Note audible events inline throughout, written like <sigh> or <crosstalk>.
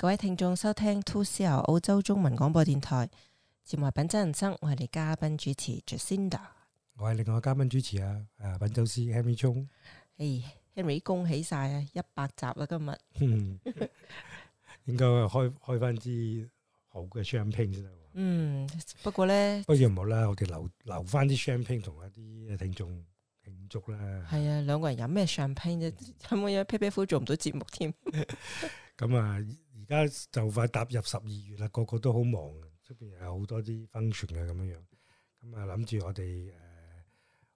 各位聽眾收聽 2CR 由澳洲中文廣播電台《節目品酒人生》，我係你嘉賓主持 Jacinda，我係另外嘉賓主持啊，啊品酒師 Henry 冲，誒 Henry 恭喜晒啊，一百集啦今日，應該開開翻啲好嘅香檳先得，嗯，不過咧，不如唔好啦，我哋留留翻啲香檳同一啲聽眾慶祝啦，係啊，兩個人飲咩香檳啫，咁樣披披膚做唔到節目添，咁啊。而家就快踏入十二月啦，個個都好忙啊！出邊有好多啲 function 啊，咁樣樣。咁啊，諗住我哋誒、呃，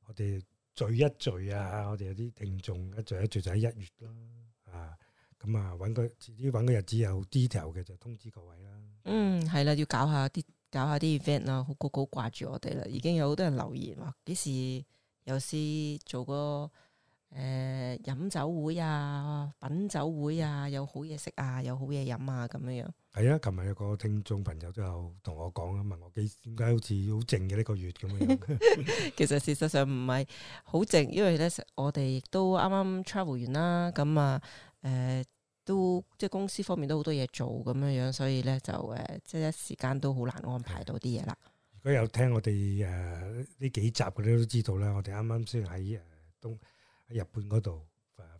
我哋聚一聚啊！我哋有啲聽眾一聚一聚就喺一月啦，啊！咁啊，揾個遲啲揾個日子有 detail 嘅就通知各位啦。嗯，係啦，要搞下啲搞下啲 event 啦，好個個掛住我哋啦，已經有好多人留言話幾時有先做過。誒、呃，飲酒會啊，品酒會啊，有好嘢食啊，有好嘢飲啊，咁樣樣。係啊，琴日有個聽眾朋友都有同我講啦，問我幾點解好似好靜嘅呢個月咁樣樣。 <laughs> <laughs> 其實事實上唔係好靜，因為咧我哋亦都啱啱 travel 完啦，咁、嗯、啊，誒、呃、都即係公司方面都好多嘢做咁樣樣，所以咧就誒即係一時間都好難安排到啲嘢啦。如果有聽我哋誒呢幾集嘅，都知道啦，我哋啱啱先喺東日本嗰度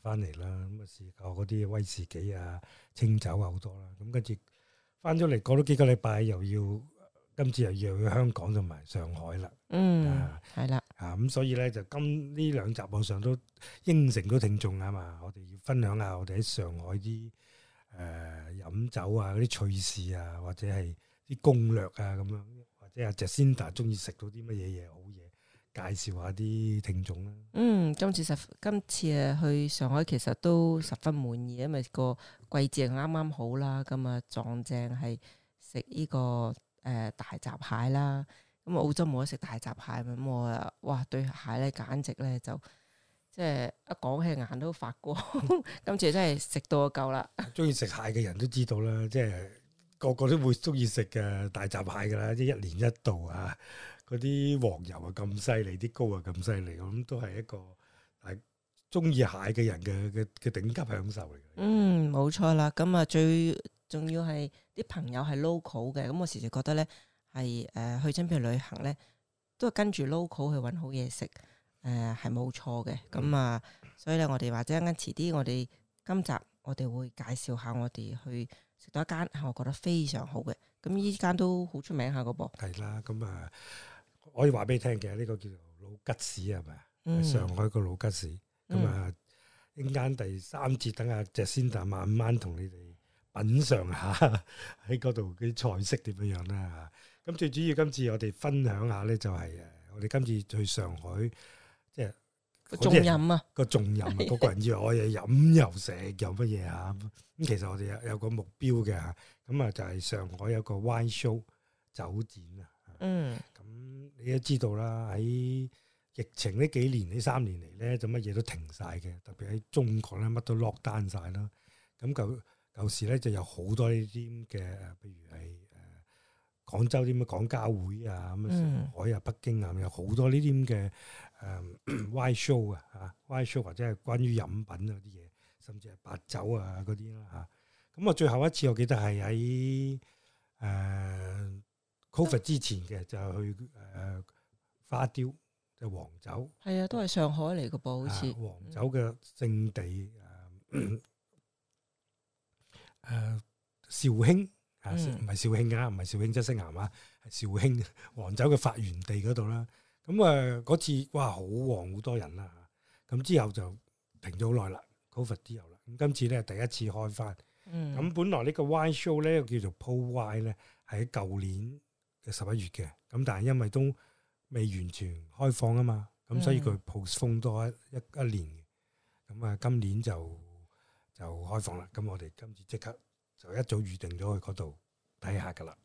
翻嚟啦，咁啊試下嗰啲威士忌啊、清酒啊好多啦，咁跟住翻咗嚟，過咗幾個禮拜，又要今次又要去香港同埋上海啦。嗯，係、嗯、啦，啊咁所以咧就今呢兩集網上都應承咗聽眾啊嘛，我哋要分享下我哋喺上海啲誒、呃、飲酒啊嗰啲趣事啊，或者係啲攻略啊咁樣，或者阿 Jacinda 中意食到啲乜嘢嘢介紹下啲聽眾啦。嗯，今次實今次誒去上海其實都十分滿意，因為個季節啱啱好啦。咁啊，撞正係食呢個誒、呃、大閘蟹啦。咁、嗯、澳洲冇得食大閘蟹，咁我啊，哇對蟹咧簡直咧就即係一講起眼都發光。 <laughs> 今次真係食到夠啦！中意食蟹嘅人都知道啦，即係個個都會中意食嘅大閘蟹㗎啦，即係一年一度啊！嗰啲黃油啊咁犀利，啲膏啊咁犀利，咁都係一個係中意蟹嘅人嘅嘅嘅頂級享受嚟嘅。嗯，冇錯啦。咁啊，最重要係啲朋友係 local 嘅。咁我時時覺得咧，係誒、呃、去親邊旅行咧，都係跟住 local 去揾好嘢食。誒係冇錯嘅。咁啊，所以咧，我哋或者一陣遲啲，我哋今集我哋會介紹下我哋去食多一間，我覺得非常好嘅。咁呢間都好出名下個噃。係啦，咁、嗯、啊～、嗯我可以話俾你聽嘅呢個叫做老吉士係咪啊？嗯、上海個老吉士咁啊，呢、嗯、間、嗯、第三節等阿 Jacinda 慢慢同你哋品嚐下喺嗰度啲菜式點樣樣啦嚇。咁最主要今次我哋分享下咧就係、是、啊，我哋今次去上海即係個重飲啊，個重飲啊，嗰、那個人以為我係飲又食又乜嘢啊？咁其實我哋有有個目標嘅嚇，咁啊，就係上海有個 wine show 酒展啊。嗯。嗯。你都知道啦，喺疫情呢幾年呢三年嚟咧，就乜嘢都停晒嘅，特別喺中國咧，乜都落單晒啦。咁舊舊時咧，就，就有好多呢啲咁嘅，譬如係誒、呃、廣州啲乜廣交會啊，咁啊，上海啊，北京啊，有好多呢啲咁嘅誒 Y show 啊，嚇 Y show 或者係關於飲品啊啲嘢，甚至係白酒啊嗰啲啦嚇。咁啊，最後一次我記得係喺誒。呃 COVID 之前嘅就係去誒、呃、花雕嘅黃酒，係、就是、啊，都係上海嚟嘅噃，好似黃酒嘅聖地誒，誒紹興吓，唔係紹興啊，唔係紹興七星岩啊，係紹興黃酒嘅發源地嗰度啦。咁啊，嗰次哇好旺，好多人啦吓。咁、啊、之後就停咗好耐啦，COVID 之後啦。咁今次咧第一次開返，咁、嗯啊、本來個呢個 wine show 咧又叫做 Prowine 咧，喺舊年。十一月嘅，咁但係因為都未完全開放啊嘛，咁、嗯、所以佢 postpone 多一一一年嘅，咁、嗯、啊今年就就開放啦，咁我哋今次即刻就一早預定咗去嗰度睇下噶啦，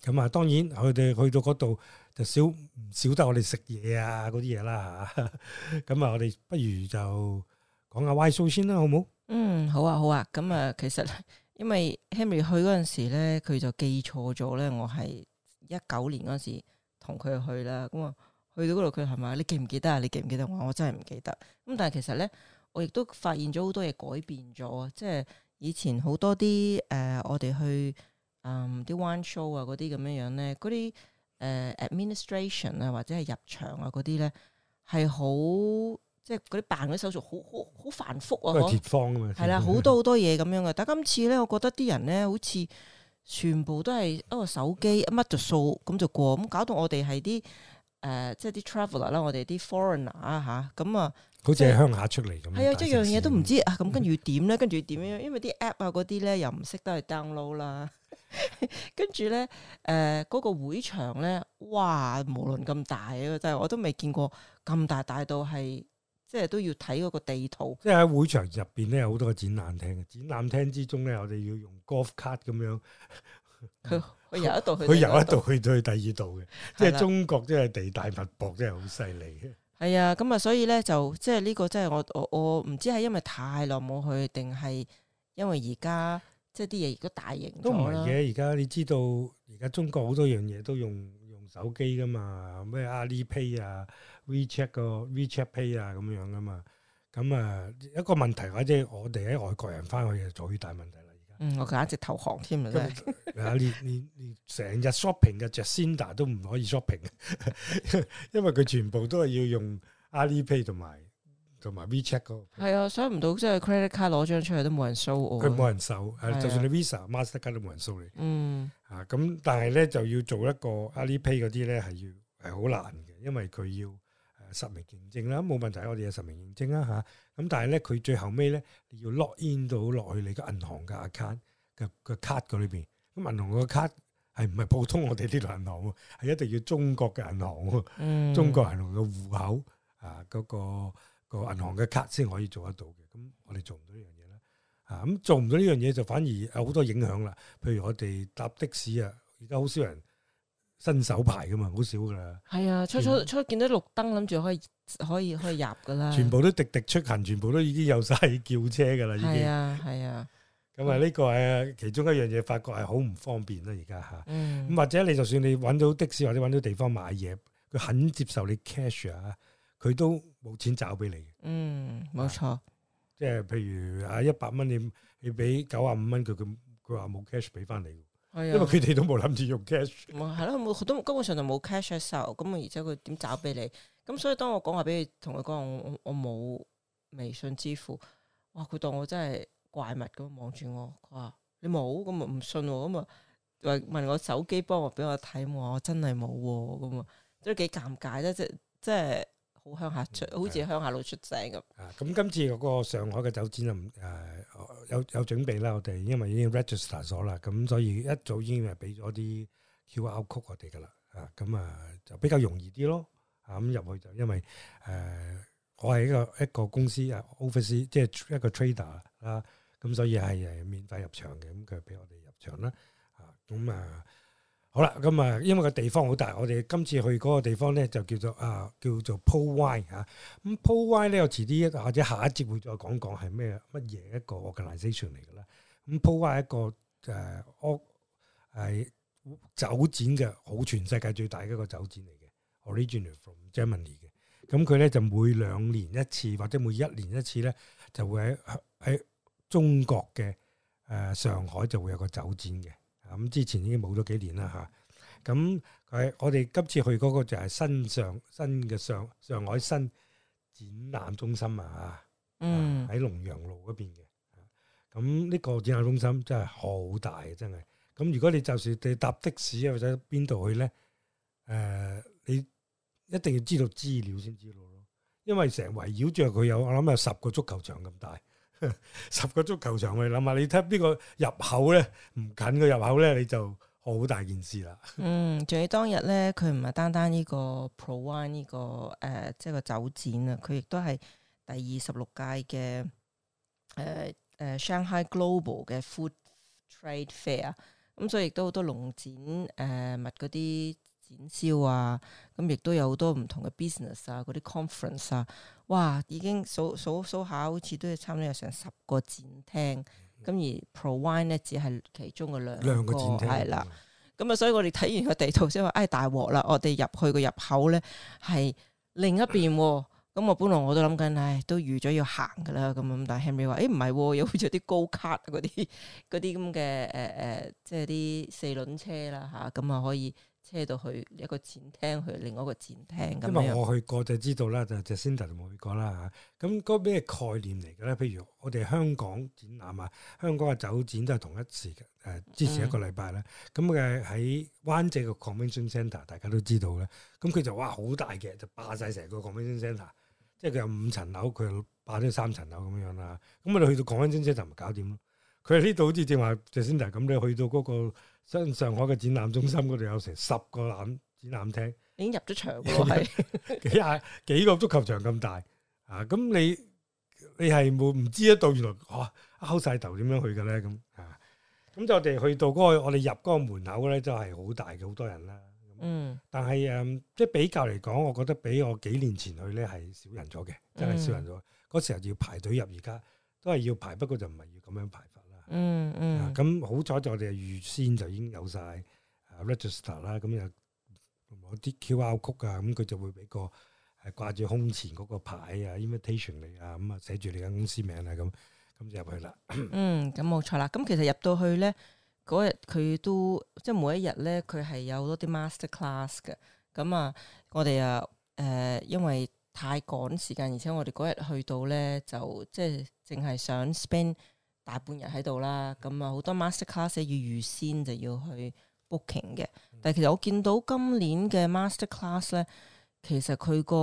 咁啊當然佢哋去到嗰度就少唔少得我哋食嘢啊嗰啲嘢啦吓，咁 <laughs> 啊我哋不如就講下歪數先啦好唔好？嗯，好啊好啊，咁啊其實。因為 Henry 去嗰陣時咧，佢就記錯咗咧，我係一九年嗰陣時同佢去啦。咁啊，去到嗰度佢係咪？你記唔記得啊？你記唔記得我？我真係唔記得。咁但係其實咧，我亦都發現咗好多嘢改變咗、呃呃、啊！即係以前好多啲誒，我哋去嗯啲 wine show 啊嗰啲咁樣樣咧，嗰啲誒 administration 啊或者係入場啊嗰啲咧係好。即係嗰啲辦嗰手續，好好好繁複啊！都係鐵方啊嘛，係啦，好多好多嘢咁樣嘅。但今次咧，我覺得啲人咧，好似全部都係一個手機一乜就掃咁就過，咁搞到我哋係啲誒，即係啲 traveler 啦，我哋啲 foreigner 啊吓，咁啊，好似喺鄉下出嚟咁，係啊，即係樣嘢都唔知啊，咁跟住點咧？跟住點樣？因為啲 app 啊嗰啲咧又唔識得去 download 啦，跟住咧誒，嗰個會場咧，哇，無論咁大啊，真係我都未見過咁大，大到係。即係都要睇嗰個地圖。即係喺會場入邊咧，有好多個展覽廳。展覽廳之中咧，我哋要用 Golf 卡咁樣。佢由一度去，佢由一度去，去，去到去第二度嘅。即係中國真係地大物博，的真係好犀利嘅。係啊，咁啊，所以咧就即係呢、這個，即係我我我唔知係因為太耐冇去，定係因為而家即係啲嘢都大型都唔咗嘅，而家你知道，而家中國好多樣嘢都用用手機噶嘛，咩阿里 pay 啊。WeChat 個 WeChat Pay 啊，咁樣樣噶嘛，咁啊一個問題或者我哋喺外國人翻去就做最大問題啦。嗯，我佢一直投降，添啊！連連連成日 shopping 嘅 Jacinda 都唔可以 shopping，因為佢全部都係要用 Ali Pay 同埋同埋 WeChat 個。係啊，想唔、嗯、到即係 credit card 攞張出嚟都冇人收我。佢冇人收，係是、啊、就算你 Visa、Mastercard 都冇人收你。嗯啊，咁但係咧就要做一個 Ali Pay 嗰啲咧係要係好難嘅，因為佢要。實名認證啦，冇問題。我哋有實名認證啦吓，咁、啊、但係咧，佢最後尾咧要 login 到落去你個銀行嘅 account 嘅嘅卡嗰裏邊。咁銀行個卡係唔係普通我哋呢度銀行喎？係一定要中國嘅銀行喎。嗯。中國銀行嘅戶口啊，那個個個銀行嘅卡先可以做得到嘅。咁我哋做唔到呢樣嘢啦。啊，咁做唔到呢樣嘢就反而有好多影響啦。譬如我哋搭的士啊，而家好少人。新手牌噶嘛，好少噶啦。係啊，後初初初見到綠燈，諗住可以可以可以入噶啦。全部都滴滴出行，全部都已經有晒，叫車噶啦。已經係啊，係啊。咁啊，呢個係啊，其中一樣嘢，發覺係好唔方便啦，而家吓。咁、嗯、或者你就算你搵到的士或者搵到地方買嘢，佢肯接受你 cash、嗯、啊，佢都冇錢找俾你。嗯，冇錯。即係譬如啊，一百蚊你你俾九啊五蚊，佢佢佢話冇 cash 俾翻你。因為佢哋都冇諗住用 cash，係咯，冇，都根本上就冇 cash 收，咁啊，而且佢點找俾你，咁所以當我講話俾佢同佢講，我我冇微信支付，哇，佢當我真係怪物咁望住我，佢話你冇，咁啊唔信，咁啊，問問我手機幫我俾我睇，我真係冇，咁啊都幾尷尬咧，即即。即好鄉下出，好似鄉下佬出聲咁。啊、嗯，咁、嗯嗯、今次個個上海嘅酒展啊，誒、呃、有有準備啦，我哋因為已經 register 咗啦，咁、嗯、所以一早已經係俾咗啲 QR Code 我哋噶啦。啊、嗯，咁、嗯、啊就比較容易啲咯。啊、嗯，咁入去就因為誒、呃，我係一個一個公司啊、呃、office 即係一個 trader 啦、嗯。咁所以係誒免費入場嘅，咁佢俾我哋入場啦。啊、嗯，咁、嗯、啊。嗯好啦，咁啊，因為個地方好大，我哋今次去嗰個地方咧就叫做啊，叫做 Prowine 咁 Prowine 咧，嗯、ai, 我遲啲一或者下一節會再講講係咩乜嘢一個 organisation 嚟嘅啦。咁 Prowine 一個誒，係、呃、酒、啊啊啊、展嘅，好全世界最大嘅一個酒展嚟嘅 <noise> ，original from Germany 嘅。咁佢咧就每兩年一次或者每一年一次咧，就會喺喺中國嘅誒、呃、上海就會有個酒展嘅。咁之前已經冇咗幾年啦嚇，咁佢我哋今次去嗰個就係新上新嘅上上海新展覽中心啊嚇，嗯，喺龍陽路嗰邊嘅，咁呢個展覽中心真係好大啊真係，咁如果你就算你搭的士啊，或者邊度去咧，誒、呃、你一定要知道資料先知道咯，因為成圍繞住佢有我諗有十個足球場咁大。 <laughs> 十個足球場，去諗下，你睇下呢個入口咧，唔近個入口咧，你就好大件事啦。嗯，仲要當日咧，佢唔係單單呢個 Prowine 呢、這個誒、即、呃、係、就是、個酒展啊，佢亦都係第二十六屆嘅誒誒 Shanghai Global 嘅 Food Trade Fair、嗯。咁所以亦都好多龍展誒、呃、物嗰啲。展銷啊，咁亦都有好多唔同嘅 business 啊，嗰啲 conference 啊，哇，已經數數數下，好似都要差唔多有成十個展廳，咁而 Prowine 咧只係其中嘅兩個展廳係啦。咁啊，所以我哋睇完個地圖先話，哎，大鑊啦！我哋入去個入口咧係另一邊，咁啊，本來我都諗緊，唉，都預咗要行噶啦，咁咁，但係 Henry 話，誒，唔係，有好似啲高卡嗰啲嗰啲咁嘅誒誒，即係啲四輪車啦吓，咁啊可以。車到去一個展廳，去另外一個展廳咁樣。因為我去過就知道啦，嗯、就 Jacinda、嗯、就冇去過啦嚇。咁嗰咩概念嚟嘅咧？譬如我哋香港展覽啊，香港嘅酒展都係同一時誒之前一個禮拜咧。咁嘅喺灣仔嘅 Convention Centre，大家都知道咧。咁佢就哇好大嘅，就霸晒成個 Convention Centre，即係佢有五層樓，佢又霸咗三層樓咁樣啦。咁我哋去到 Convention Centre 咪搞掂咯。佢喺呢度好似正話 Jacinda 咁咧，你去到嗰、那個。新上海嘅展覽中心嗰度有成十個展展覽廳，已經入咗場喎，係 <laughs> 幾啊幾個足球場咁大啊！咁你你係冇唔知咧？到原來吓勾晒頭點樣去嘅咧？咁啊咁就我哋去到、嗰個我哋入嗰個門口咧，就係、係、好大嘅，好多人啦。嗯，嗯，但係誒，即係比較嚟講，我覺得比我幾年前去咧係少人咗嘅，真係少人咗。嗰、嗯、時候要排隊入，而家都係要排，不過就唔係要咁樣排。嗯嗯，咁好彩就我哋預先就已經有晒 register 啦，咁有啲 QR code 啊，咁佢就會俾個係掛住胸前嗰個牌啊，invitation 你啊，咁啊寫住你間公司名啊，咁咁就入去啦。嗯，咁冇錯啦。咁其實入到去咧，嗰日佢都即係每一日咧，佢係有好多啲 master class 嘅。咁啊，我哋啊誒、呃，因為太趕時間，而且我哋嗰日去到咧，就即係淨係想 spend 大半日喺度啦，咁啊好多 master class 要預先就要去 booking 嘅。嗯、但係其實我見到今年嘅 master class 咧，其實佢個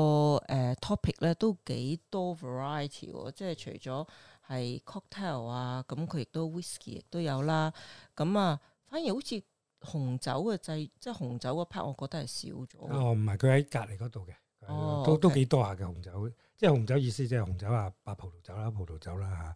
誒 topic 咧都幾多 variety 喎，即係除咗係 cocktail 啊，咁佢亦都 whisky 亦都有啦。咁、嗯、啊，反而好似紅酒嘅制，即係紅酒嘅 part，我覺得係少咗。哦，唔係佢喺隔籬嗰度嘅，哦，都 okay. 都幾多下嘅紅酒，即係紅酒意思即係紅酒啊，白葡萄酒啦，葡萄酒啦嚇。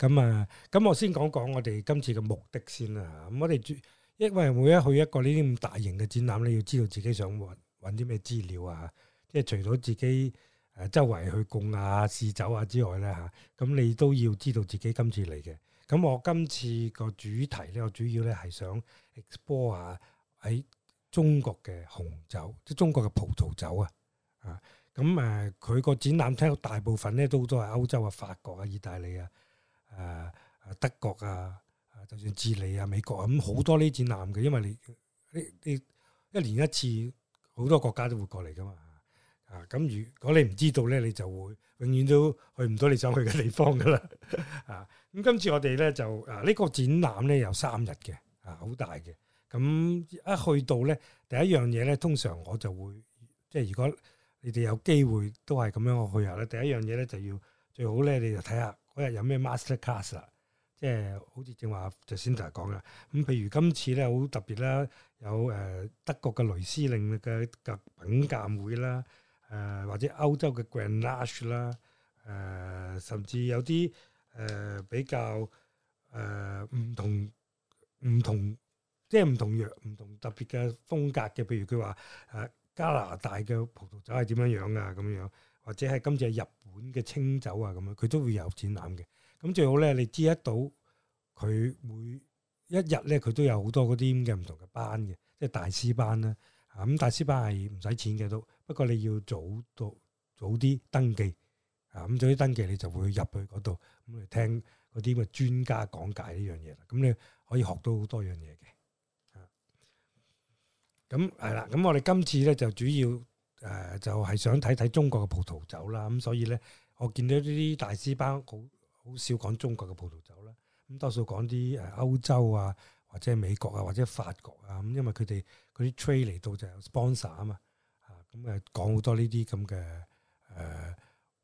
咁啊，咁、嗯、我先講講我哋今次嘅目的先啦。咁、嗯、我哋主，因為每一去一個呢啲咁大型嘅展覽咧，你要知道自己想搵啲咩資料啊，即係除咗自己誒周圍去供啊試酒啊之外咧吓，咁、啊嗯、你都要知道自己今次嚟嘅。咁、嗯、我今次個主題咧，我主要咧係想 explore 下喺中國嘅紅酒，即係中國嘅葡萄酒啊。啊，咁、嗯、誒，佢、嗯、個展覽廳大部分咧都都係歐洲啊，法國啊，意大利啊。誒誒、啊、德國啊，誒就算智利啊、美國啊，咁、嗯、好多呢展覽嘅，因為你呢呢一年一次，好多國家都會過嚟噶嘛，啊咁如果你唔知道咧，你就會永遠都去唔到你想去嘅地方噶啦，啊咁、嗯、今次我哋咧就啊呢、呢個展覽咧有三日嘅，啊好大嘅，咁、啊、一去到咧第一樣嘢咧，通常我就會即係如果你哋有機會都係咁樣去下咧第一樣嘢咧就要最好咧你就睇下。有咩 master class 啦，即係好似正話就先頭講啦。咁譬如今次咧好特別啦，有誒德國嘅雷司令嘅格品鑒會啦，誒或者歐洲嘅 Grand Lash 啦，誒甚至有啲誒比較誒唔同唔同即係唔同樣唔同特別嘅風格嘅。譬如佢話誒加拿大嘅葡萄酒係點樣樣啊，咁樣。或者係今次係日本嘅清酒啊，咁樣佢都會有展覽嘅。咁最好咧，你知得到佢每一日咧，佢都有好多嗰啲咁嘅唔同嘅班嘅，即係大師班啦。咁大師班係唔使錢嘅都，不過你要早到早啲登記。啊，咁早啲登記你就會入去嗰度，咁你聽嗰啲咁嘅專家講解呢樣嘢啦。咁你可以學到好多樣嘢嘅。咁係啦，咁我哋今次咧就主要。誒、呃、就係、是、想睇睇中國嘅葡萄酒啦，咁所以咧，我見到呢啲大師班好好少講中國嘅葡萄酒啦，咁多數講啲誒歐洲啊，或者美國啊，或者法國啊，咁因為佢哋嗰啲 trade 嚟到就係 sponsor 啊嘛，啊咁誒講好多呢啲咁嘅誒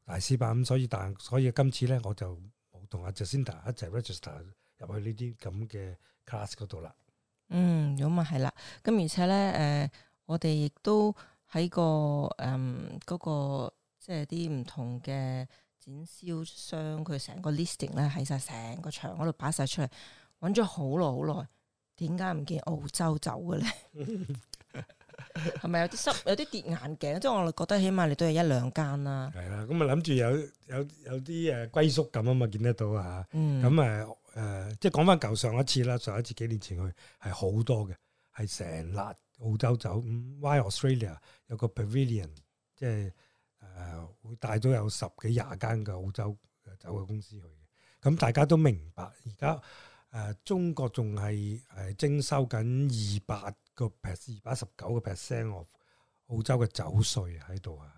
大師班咁、嗯，所以但所以今次咧我就冇同阿 Jacinda 一齊 register 入去呢啲咁嘅 class 嗰度啦。嗯，咁啊係啦，咁而且咧誒，我哋亦都。喺個誒，嗰、嗯那個即係啲唔同嘅展銷商，佢成個 listing 咧喺晒成個牆嗰度擺晒出嚟，揾咗好耐好耐，點解唔見澳洲走嘅咧？係咪 <laughs> <laughs> 有啲濕，有啲跌眼鏡？即係 <laughs> 我覺得起碼你都係一兩間啦。係啦、啊，咁啊諗住有有有啲誒歸屬感啊嘛，見得到啊吓。咁啊誒，即係講翻舊上一次啦，上一次幾年前去係好多嘅，係成粒。澳洲酒，Why Australia 有個 pavilion，即係誒會帶咗有十幾廿間嘅澳洲酒嘅公司去嘅，咁大家都明白，而家誒中國仲係誒徵收緊二百個 percent，二百一十九個 percent 嘅澳洲嘅酒稅喺度啊，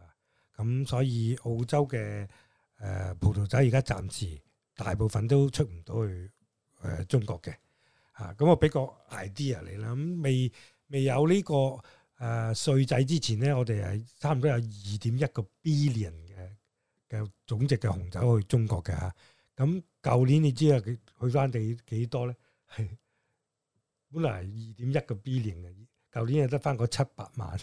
咁所以澳洲嘅誒葡萄酒而家暫時大部分都出唔到去誒中國嘅，啊，咁我俾個 idea 你啦，咁未。未有呢、這個誒、呃、稅制之前咧，我哋係差唔多有二點一個 billion 嘅嘅總值嘅紅酒去中國嘅嚇。咁舊年你知啊，佢返低幾多咧？係本嚟係二點一個 billion 嘅，舊年又得返個七百萬。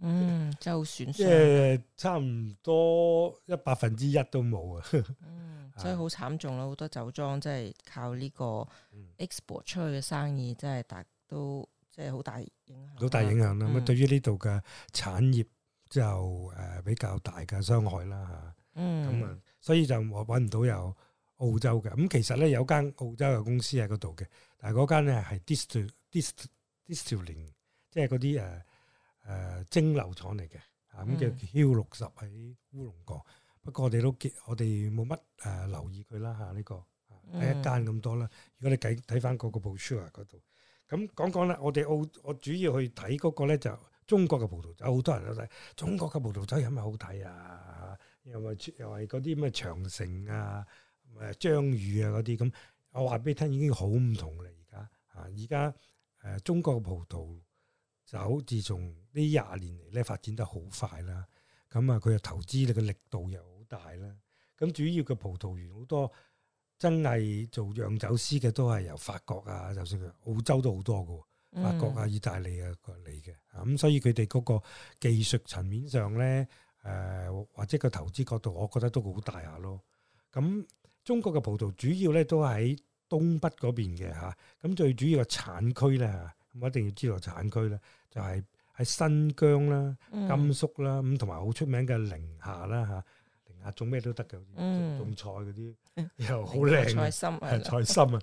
嗯，真係好損失。即係差唔多一百分之一都冇啊！嗯，所以好慘重咯，好多酒莊即係靠呢個 export 出去嘅生意，即係大都。即係好大影響，好大影響啦。咁、嗯、對於呢度嘅產業就誒、呃、比較大嘅傷害啦吓。咁啊、嗯，所以就我揾唔到有澳洲嘅。咁、嗯、其實咧有間澳洲嘅公司喺嗰度嘅，但係嗰間咧係 dist、呃啊、ill distill distilling 即係嗰啲誒誒蒸餾廠嚟嘅。吓咁叫 Q 六十喺烏龍角。不過我哋都我哋冇乜誒留意佢啦吓呢個，係一間咁多啦。如果你計睇翻各個報出啊嗰度。咁講講啦，我哋澳我主要去睇嗰個咧就中國嘅葡萄酒，好多人都睇。中國嘅葡萄酒有咩好睇啊？又咪又係嗰啲咩長城啊、誒張裕啊嗰啲咁。我話俾你聽，已經好唔同啦而家。啊，而家誒中國嘅葡萄酒，自從呢廿年嚟咧發展得好快啦。咁啊，佢又投資你嘅力度又好大啦。咁主要嘅葡萄園好多。真係做釀酒師嘅都係由法國啊，就算澳洲都好多嘅，法國啊、意大利啊嚟嘅，咁、嗯、所以佢哋嗰個技術層面上咧，誒、呃、或者個投資角度，我覺得都好大下咯。咁、嗯、中國嘅葡萄主要咧都喺東北嗰邊嘅嚇，咁、啊、最主要嘅產區咧，咁、啊、我一定要知道產區咧，就係、是、喺新疆啦、甘肅啦，咁同埋好出名嘅寧夏啦嚇。啊。啊，種咩都得嘅，嗯、種菜嗰啲、嗯、又好靚菜，的菜心啊，菜心啊，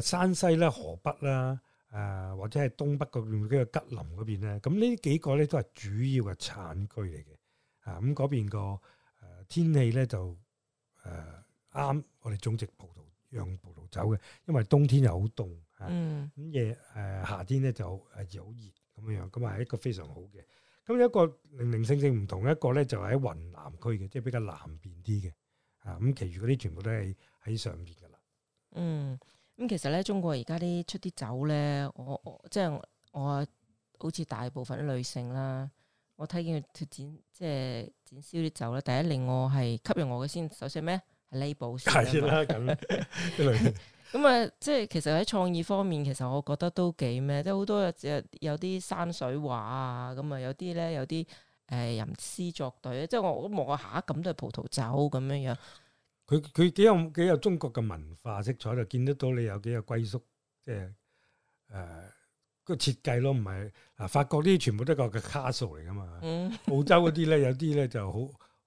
誒山西啦、河北啦，誒、呃、或者係東北嗰邊，比如吉林嗰邊咧，咁呢幾個咧都係主要嘅產區嚟嘅。啊，咁嗰邊個、呃、天氣咧就誒啱、呃、我哋種植葡萄，釀葡萄酒嘅，因為冬天又好凍，啊、嗯，咁夜誒夏天咧就誒好熱咁樣，咁啊係一個非常好嘅。咁一個零零星星唔同一個咧，就喺雲南區嘅，即係比較南邊啲嘅，啊，咁其餘嗰啲全部都係喺上邊噶啦。嗯，咁其實咧，中國而家啲出啲酒咧，我，我即係我好似大部分女性啦，我睇見佢展，即係展銷啲酒咧，第一令我係吸引我嘅先，首先咩係 label 先。係先啦，咁。 <laughs> <laughs> 咁啊，即係其實喺創意方面，其實我覺得都幾咩，即係好多有有啲山水畫啊，咁啊，有啲咧，有啲誒吟詩作對咧，即係我我望下吓咁都係葡萄酒咁樣樣。佢佢幾有幾有中國嘅文化色彩，就見得到你有幾有歸宿。即係誒個設計咯，唔係啊法國啲全部都係個 castle 嚟噶嘛，嗯、澳洲嗰啲咧有啲咧就好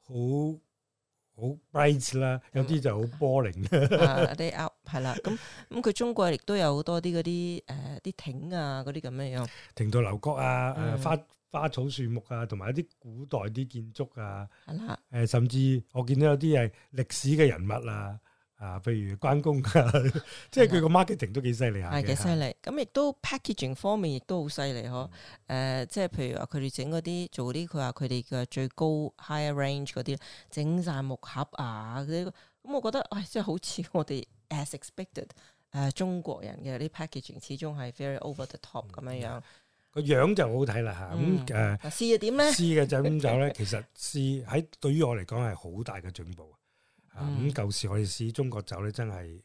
好。好 bright 啦，有啲就好 boring，啲 out 係啦，咁咁佢中國亦都有好多啲嗰啲誒啲亭啊，嗰啲咁樣樣。亭台樓閣啊，誒花花草樹木啊，同埋一啲古代啲建築啊，係啦。誒， <noise> 甚至我見到有啲係歷史嘅人物啊。啊，譬如關公、啊、 <laughs> 即係佢個 marketing 都幾犀利下嘅。係幾犀利，咁亦都 packaging 方面亦都好犀利嗬，誒、嗯啊，即係譬如話佢哋整嗰啲做啲，佢話佢哋嘅最高 high range 嗰啲，整晒木盒啊咁我覺得，喂，真係好似我哋 as expected 誒中國人嘅啲 packaging 始終係 very over the top 咁樣樣。個樣就好睇啦嚇，咁誒試嘅點咧？試嘅就咁。就咧？其實試喺對於我嚟講係好大嘅進步。啊咁舊時我哋試中國酒咧，真係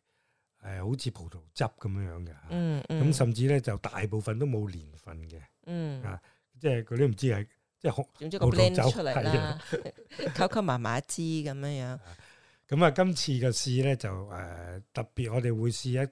誒好似葡萄汁咁樣樣嘅。嗯，咁甚至咧就大部分都冇年份嘅。嗯，啊，即係佢都唔知係即係紅，整咗酒出嚟啦，溝溝埋埋一支咁樣樣。咁啊，今次嘅試咧就誒特別，我哋會試一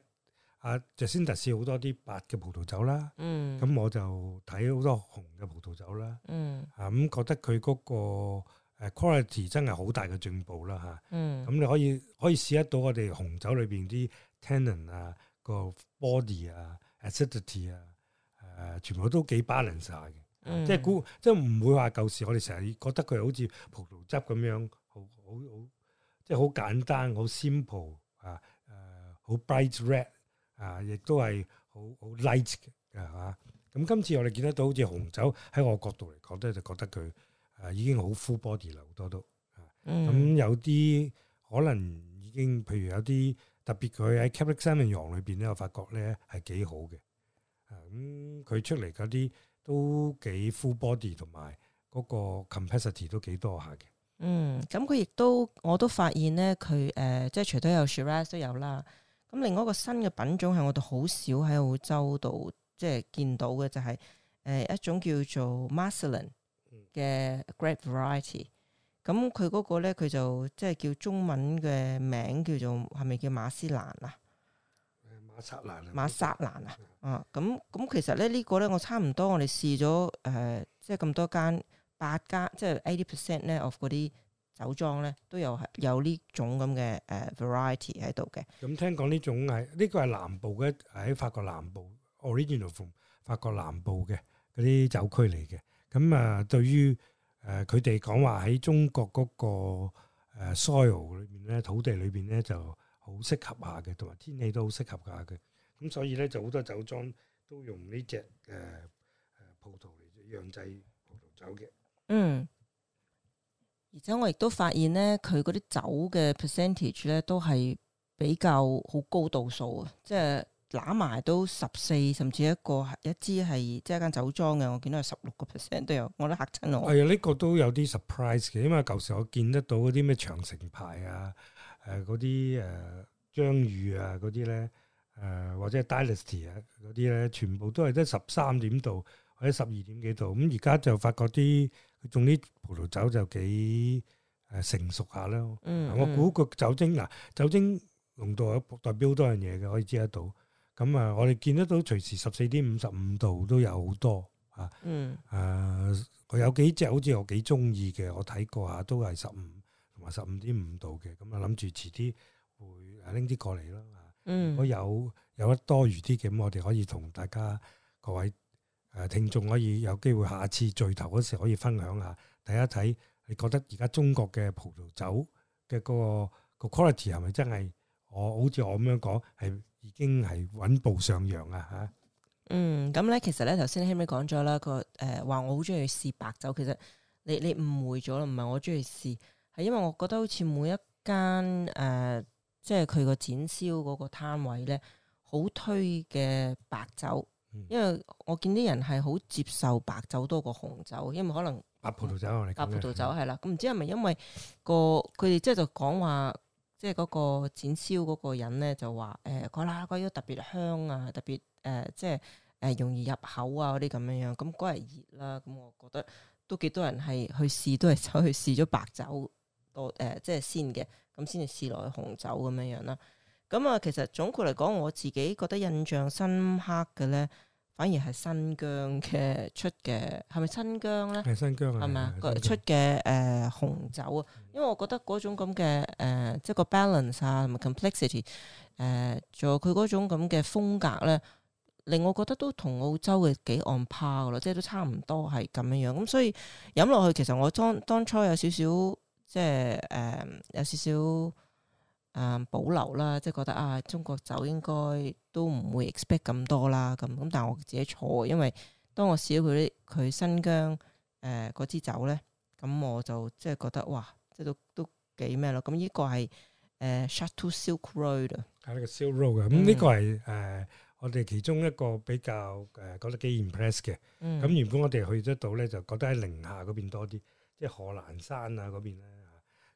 阿 Jacinda 試好多啲白嘅葡萄酒啦。嗯，咁我就睇好多紅嘅葡萄酒啦。嗯，啊咁覺得佢嗰個。誒 quality 真係好大嘅進步啦嚇，咁、嗯、你可以可以試得到我哋紅酒裏邊啲 tannin 啊、個 body 啊、acidity 啊，誒、呃、全部都幾 balanced 嘅、嗯，即係估即係唔會話舊時我哋成日覺得佢好似葡萄汁咁樣，好好好，即係好簡單好 simple 啊，誒好 bright red 啊，亦都係好好 light 嘅嚇。咁、啊、今次我哋見得到好似紅酒喺我角度嚟講咧，就覺得佢。啊，已經好 full body 啦，好多都嚇。咁、嗯嗯、有啲可能已經，譬如有啲特別佢喺 Cabernet Sauvignon 裏邊咧，我發覺咧係幾好嘅。啊，咁佢出嚟嗰啲都幾 full body，同埋嗰個 capacity 都幾多下嘅。嗯，咁佢亦都，都、嗯、都我都發現咧，佢、呃、誒即係除咗有 Shiraz 都有啦。咁、嗯、另外一個新嘅品種係我哋好少喺澳洲度即係見到嘅，就係、是、誒、呃、一種叫做 Marselan。嘅 great variety，咁佢嗰個咧佢就即係叫中文嘅名叫做係咪叫馬斯蘭啊？馬薩蘭啊？馬薩蘭啊？啊，咁咁其實咧呢個咧我差唔多我哋試咗誒，即係咁多間八間，即係 eighty percent 咧，of 嗰啲酒莊咧都有有呢種咁嘅誒 variety 喺度嘅。咁聽講呢種係呢個係南部嘅喺法國南部 original from 法國南部嘅嗰啲酒區嚟嘅。咁啊，對於誒佢哋講話喺中國嗰個 soil 裏面咧，土地裏邊咧就好適合下嘅，同埋天氣都好適合下嘅。咁所以咧就好多酒莊都用呢隻誒葡萄嚟釀製葡萄酒嘅。嗯，而且我亦都發現咧，佢嗰啲酒嘅 percentage 咧都係比較好高度數啊，即係。攬埋都十四，甚至一個一支係即係一間酒莊嘅，我見到係十六個 percent 都有，我都嚇親我、哎。係啊，呢個都有啲 surprise 嘅，因為舊時我見得到嗰啲咩長城牌啊，誒嗰啲誒張裕啊嗰啲咧，誒、啊啊啊、或者 Dynasty 啊嗰啲咧，全部都係得十三點度或者十二點幾度，咁而家就發覺啲種啲葡萄酒就幾誒成熟下咯。嗯，嗯，我估個酒精嗱、啊、酒精濃度係代表多樣嘢嘅，可以知得到。咁啊、嗯嗯嗯，我哋見得到隨時十四點五十五度都有好多啊。嗯，誒，有幾隻好似我幾中意嘅，我睇過下都係十五同埋十五點五度嘅，咁啊諗住遲啲會拎啲過嚟啦，嗯，嗯如果有有得多餘啲嘅，咁我哋可以同大家各位誒聽眾可以有機會下次聚頭嗰時可以分享下睇一睇，你覺得而家中國嘅葡萄酒嘅、嗰個、嗰個 quality 係咪真係我好似我咁樣講係？已經係穩步上揚啊！吓，嗯，咁咧，其實咧，頭先 Henry 講咗啦，個誒話我好中意試白酒。其實你你誤會咗啦，唔係我中意試，係因為我覺得好似每一間誒、呃，即係佢個展銷嗰個攤位咧，好推嘅白酒，嗯、因為我見啲人係好接受白酒多過紅酒，因為可能白葡萄酒啊，白葡萄酒係啦，咁唔知係咪因為、個佢哋即係就講話。即係嗰個展銷嗰個人咧，就話誒嗰啦嗰啲特別香啊，特別誒、呃、即係誒、呃、容易入口啊嗰啲咁樣樣。咁嗰日熱啦，咁我覺得都幾多人係去試，都係走去試咗白酒多誒、呃，即係鮮嘅，咁先至試落去紅酒咁樣樣啦。咁啊、呃，其實總括嚟講，我自己覺得印象深刻嘅咧。反而係新疆嘅出嘅係咪新疆咧？係新疆啊，係咪啊？出嘅誒、呃、紅酒啊， <noise> 因為我覺得嗰種咁嘅誒，即係個 balance 啊、呃，同埋 complexity 誒，仲有佢嗰種咁嘅風格咧，令我覺得都同澳洲嘅幾 on par 㗎喇，即係都差唔多係咁樣樣。咁、嗯、所以飲落去，其實我當當初有少少即係誒、呃、有少少。誒保留啦，即係覺得啊，中國酒應該都唔會 expect 咁多啦，咁咁，但係我自己錯，因為當我試咗佢啲佢新疆誒嗰支酒咧，咁我就即係覺得哇，即係都都幾咩咯，咁依個係誒 Chateau Silk Road 啊，係呢個 Silk Road 嘅，咁呢個係誒我哋其中一個比較誒覺得幾 impress 嘅，咁原本我哋去得到咧就覺得喺寧夏嗰邊多啲，即係賀蘭山啊嗰邊咧。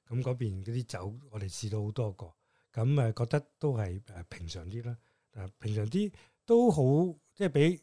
咁嗰邊嗰啲酒，我哋試到好多個，咁誒覺得都係誒平常啲啦，誒平常啲都好，即係比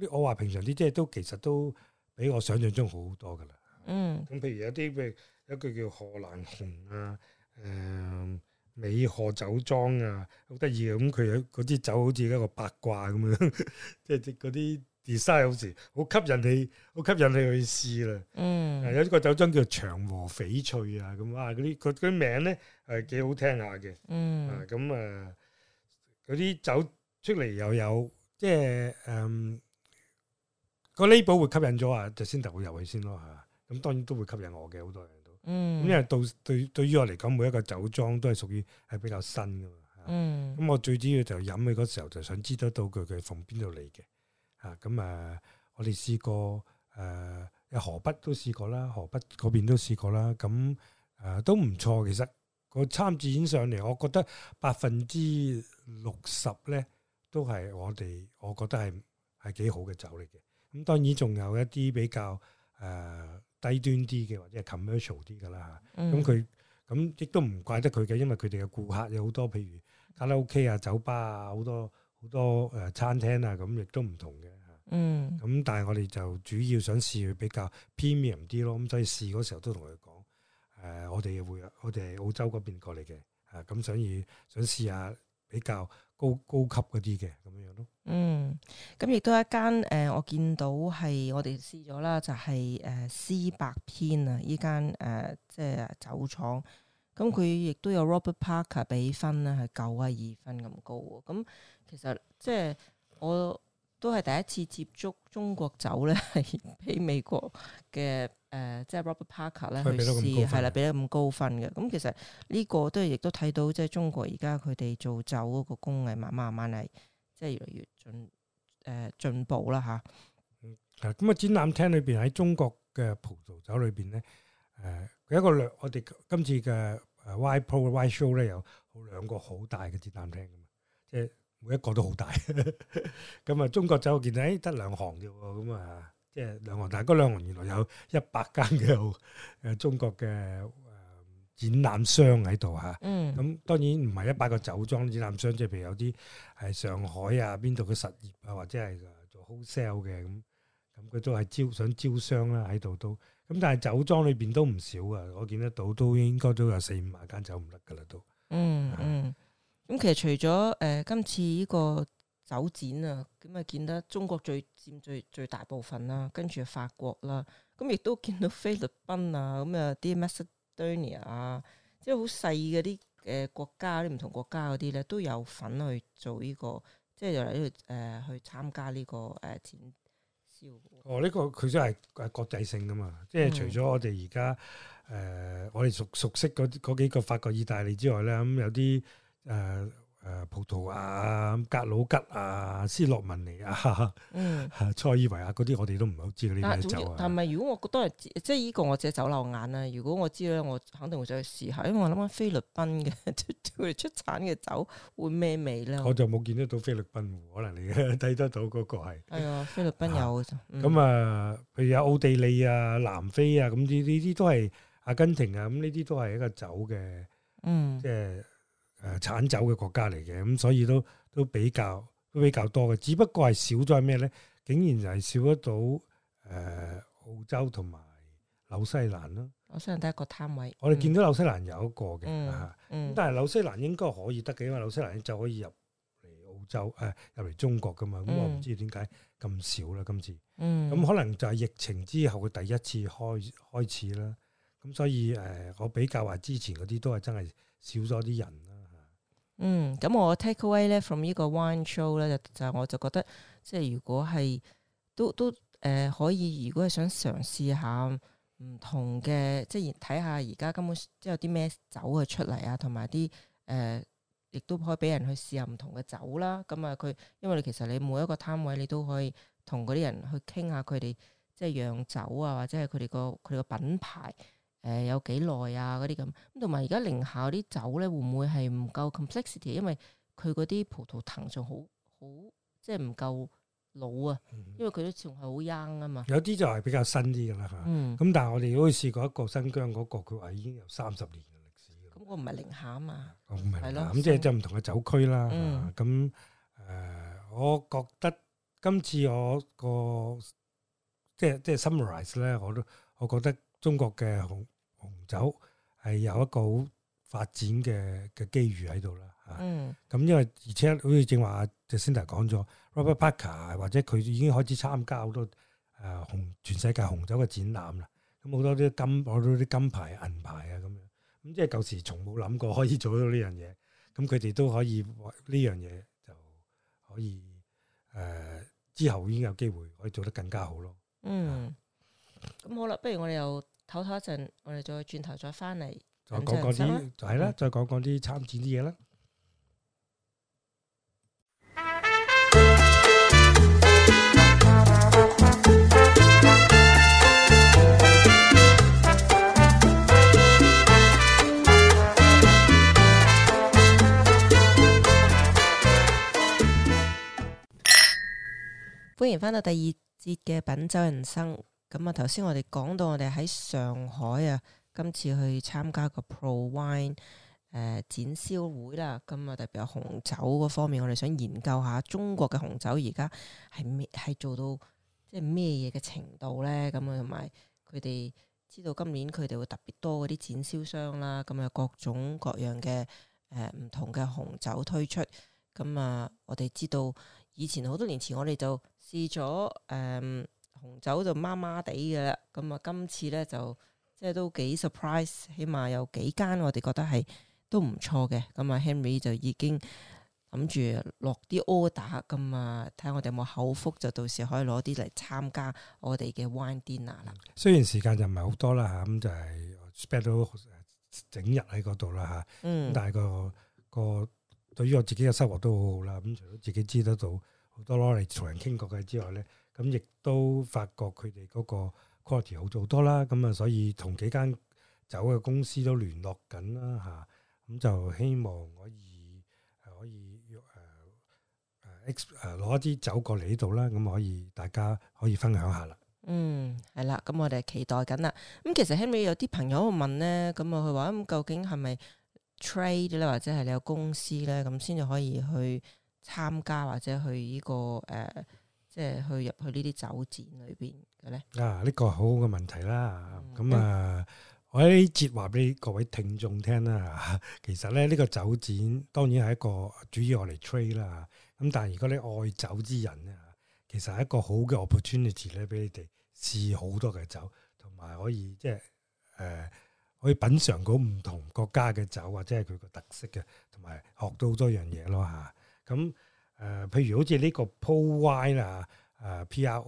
啲我話平常啲，即係都其實都比我想象中好好多噶啦。嗯，咁譬如有啲譬如有一句叫荷蘭紅啊，誒、呃、美荷酒莊啊，好得意嘅，咁佢有嗰啲酒好似一個八卦咁樣， <laughs> 即係啲嗰啲。design 好似好吸引你，好吸引你去試啦。嗯，啊、有啲個酒莊叫做長和翡翠啊，咁啊，啲佢嗰名咧係幾好聽下嘅。嗯，咁啊，嗰啲、啊、酒出嚟又有即係，嗯，個 label 會吸引咗啊，就先投入去先咯吓。咁、啊、當然都會吸引我嘅，好多人都咁、嗯、因為到對對，對於我嚟講，每一個酒莊都係屬於係比較新㗎嘛。啊、嗯，咁、嗯、我最主要就飲佢嗰時候就是、想知得到佢佢從邊度嚟嘅。啊，咁啊，我哋試過，誒、呃，喺河北都試過啦，河北嗰邊都試過啦，咁、嗯、誒、呃、都唔錯。其實個參展上嚟，我覺得百分之六十咧，都係我哋，我覺得係係幾好嘅酒嚟嘅。咁當然仲有一啲比較誒、呃、低端啲嘅，或者 commercial 啲噶啦。咁佢咁亦都唔怪得佢嘅，因為佢哋嘅顧客有好多，譬如卡拉 OK 啊、酒吧啊，好多。好多誒餐廳啊，咁亦都唔同嘅，嗯，咁但係我哋就主要想試佢比較 premium 啲咯，咁所以試嗰時候都同佢講，誒、呃，我哋會我哋係澳洲嗰邊過嚟嘅，啊，咁所以想試下比較高高級嗰啲嘅咁樣樣咯。嗯，咁亦都有一間誒、呃，我見到係我哋試咗啦，就係誒詩百篇啊，依間誒即係酒廠，咁佢亦都有 Robert Parker 俾分啦，係九啊二分咁高，咁。其實即係我都係第一次接觸中國酒咧，係 <laughs> 俾美國嘅誒、呃，即係 Robert Parker 咧去試，係啦，俾得咁高分嘅。咁其實呢個都係亦都睇到，即係中國而家佢哋做酒嗰個工藝，慢慢慢慢係即係越嚟越進誒進步啦，吓、啊嗯。咁、嗯、啊！那個、展覽廳裏邊喺中國嘅葡萄酒裏邊咧，誒、呃，有一個我哋今次嘅 Prowine、Prowine Show 咧有兩個好大嘅展覽廳噶嘛，即係。每一個都好大，咁啊，中國酒展，誒得兩行嘅，咁啊，即係兩行，但係嗰兩行原來有一百間嘅誒，中國嘅誒展覽商喺度吓，咁當然唔係一百個酒莊展覽商，即係譬如有啲係上海啊，邊度嘅實業啊，或者係做 wholesale 嘅咁，咁佢都係招想招商啦喺度都，咁但係酒莊裏邊都唔少啊，我見得到都應該都有四五萬間酒唔甩噶啦都，嗯嗯。咁、嗯、其實除咗誒、呃、今次呢個酒展啊，咁啊見得中國最佔最最大部分啦，跟住法國啦，咁亦都見到菲律賓啊，咁啊啲馬薩多尼亞啊，即係好細嗰啲誒國家，啲唔同國家嗰啲咧都有份去做呢個，即係嚟到誒去參加呢個誒展銷。哦，呢個佢真係係國際性噶嘛，即係、嗯、除咗我哋而家誒，我哋熟熟悉嗰嗰幾個法國、意大利之外咧，咁、嗯、有啲。誒誒、呃，葡萄牙啊、格魯吉啊、斯洛文尼啊、嗯、塞爾維亞嗰啲，我哋都唔係好知嗰啲酒啊。但係如果我覺得即係呢個我自己走漏眼啦？如果我知咧，我肯定會想去試下，因為我諗翻菲律賓嘅出出出產嘅酒會咩味咧？我就冇見得到菲律賓， <laughs> 可能你睇得到嗰個係。係啊、哎，菲律賓有嘅啫。咁啊，譬、嗯、如有奧地利啊、南非啊，咁呢呢啲都係阿根廷啊，咁呢啲都係一個酒嘅，嗯，即係。誒，產酒嘅國家嚟嘅，咁所以都都比較都比較多嘅，只不過係少咗咩咧？竟然就係少得到誒澳洲同埋紐西蘭咯。紐西蘭得一個攤位，我哋見到紐西蘭有一個嘅吓，但係紐西蘭應該可以得嘅，因為紐西蘭就可以入嚟澳洲，誒入嚟中國噶嘛？咁我唔知點解咁少啦今次。咁可能就係疫情之後嘅第一次開開始啦。咁所以誒，我比較話之前嗰啲都係真係少咗啲人啦。嗯，咁我 take away 咧 from 呢個 wine show 咧，就係、我就覺得，即係如果係都都誒、呃、可以，如果係想嘗試下唔同嘅，即係睇下而家根本即係有啲咩酒嘅出嚟啊，同埋啲誒亦都可以俾人去試下唔同嘅酒啦。咁啊，佢因為你其實你每一個攤位你都可以同嗰啲人去傾下佢哋即係釀酒啊，或者係佢哋個佢哋個品牌。誒有幾耐啊？嗰啲咁咁，同埋而家寧夏啲酒咧，會唔會係唔夠 complexity？因為佢嗰啲葡萄藤仲好好，即係唔夠老啊。因為佢都仲係好 young 啊嘛。有啲就係比較新啲噶啦，嚇。咁但係我哋都試過一個新疆嗰個，佢話已經有三十年嘅歷史。咁我唔係寧夏啊嘛，係咯。咁即係就唔同嘅酒區啦。咁誒，我覺得今次我個即係即係 summarize 咧，我都我覺得中國嘅紅。紅酒係有一個好發展嘅嘅機遇喺度啦，咁、嗯、因為而且好似正話啊 Jacinda 講咗，Robert Parker 或者佢已經開始參加好多誒紅、呃、全世界紅酒嘅展覽啦，咁好多啲金攞到啲金牌銀牌啊咁樣，咁即係舊時從冇諗過可以做到呢樣嘢，咁佢哋都可以話呢樣嘢就可以誒、呃、之後已經有機會可以做得更加好咯。嗯、咁、啊、好啦，不如我哋又。唞唞一陣，我哋再轉頭回再返嚟，再講講啲，就係、是、啦，嗯、再講講啲參展啲嘢啦。歡迎返到第二節嘅品酒人生。咁啊，頭先我哋講到我哋喺上海啊，今次去參加個 Prowine 誒、呃、展銷會啦。咁、嗯、啊，特別有紅酒嗰方面，我哋想研究下中國嘅紅酒而家係咩係做到即係咩嘢嘅程度咧？咁、嗯、啊，同埋佢哋知道今年佢哋會特別多嗰啲展銷商啦，咁、嗯、啊，各種各樣嘅誒唔同嘅紅酒推出。咁、嗯、啊、嗯，我哋知道以前好多年前我哋就試咗誒。呃紅酒就麻麻地嘅啦，咁啊今次咧就即係都幾 surprise，起碼有幾間我哋覺得係都唔錯嘅，咁啊、嗯、Henry 就已經諗住落啲 order，咁啊睇我哋有冇口福，就到時可以攞啲嚟參加我哋嘅 wine dinner 啦、嗯。雖然時間就唔係好多啦吓，咁就係 spare 到整日喺嗰度啦吓，咁但係個個對於我自己嘅收穫都好好啦。咁除咗自己知得到好多 knowledge，同人傾過偈之外咧。咁亦都發覺佢哋嗰個 quality 好咗好多啦，咁啊，所以同幾間酒嘅公司都聯絡緊啦，嚇，咁就希望可以可以誒誒攞一支酒過嚟呢度啦，咁可以大家可以分享下啦。嗯，係啦，咁我哋期待緊啦。咁其實後尾有啲朋友喺度問咧，咁啊佢話咁究竟係咪 trade 咧，或者係你有公司咧，咁先至可以去參加或者去呢個誒？即係去入去呢啲酒展裏邊嘅咧？啊，呢個係好好嘅問題啦。咁、嗯、啊，嗯、我喺呢節話俾各位聽眾聽啦。其實咧，呢個酒展當然係一個主要我嚟 trade 啦。咁但係如果你愛酒之人咧，其實係一個好嘅 opportunity 咧，俾你哋試好多嘅酒，同埋可以即係誒，可以品嘗到唔同國家嘅酒或者係佢個特色嘅，同埋學到好多樣嘢咯吓。咁、啊。誒、呃，譬如好似呢個 Pro、e 呃、Wine Pro Wine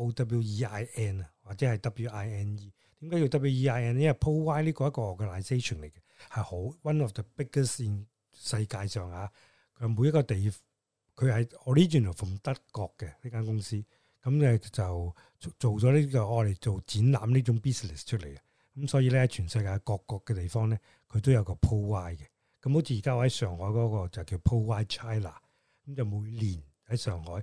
或者係 Win，點解叫 Win？、E、因為 Pro Wine、e、呢個一個個 organization 嚟嘅，係好 one of the biggest in 世界上啊。佢每一個地，佢係 original from 德國嘅呢間公司，咁、嗯、誒、嗯嗯、就做咗呢、這個我哋、啊、做展覽呢種 business 出嚟啊。咁、嗯、所以咧，全世界各國嘅地方咧，佢都有個 Pro Wine 嘅。咁好似而家我喺上海嗰個就叫 Pro Wine China。咁就每年喺上海，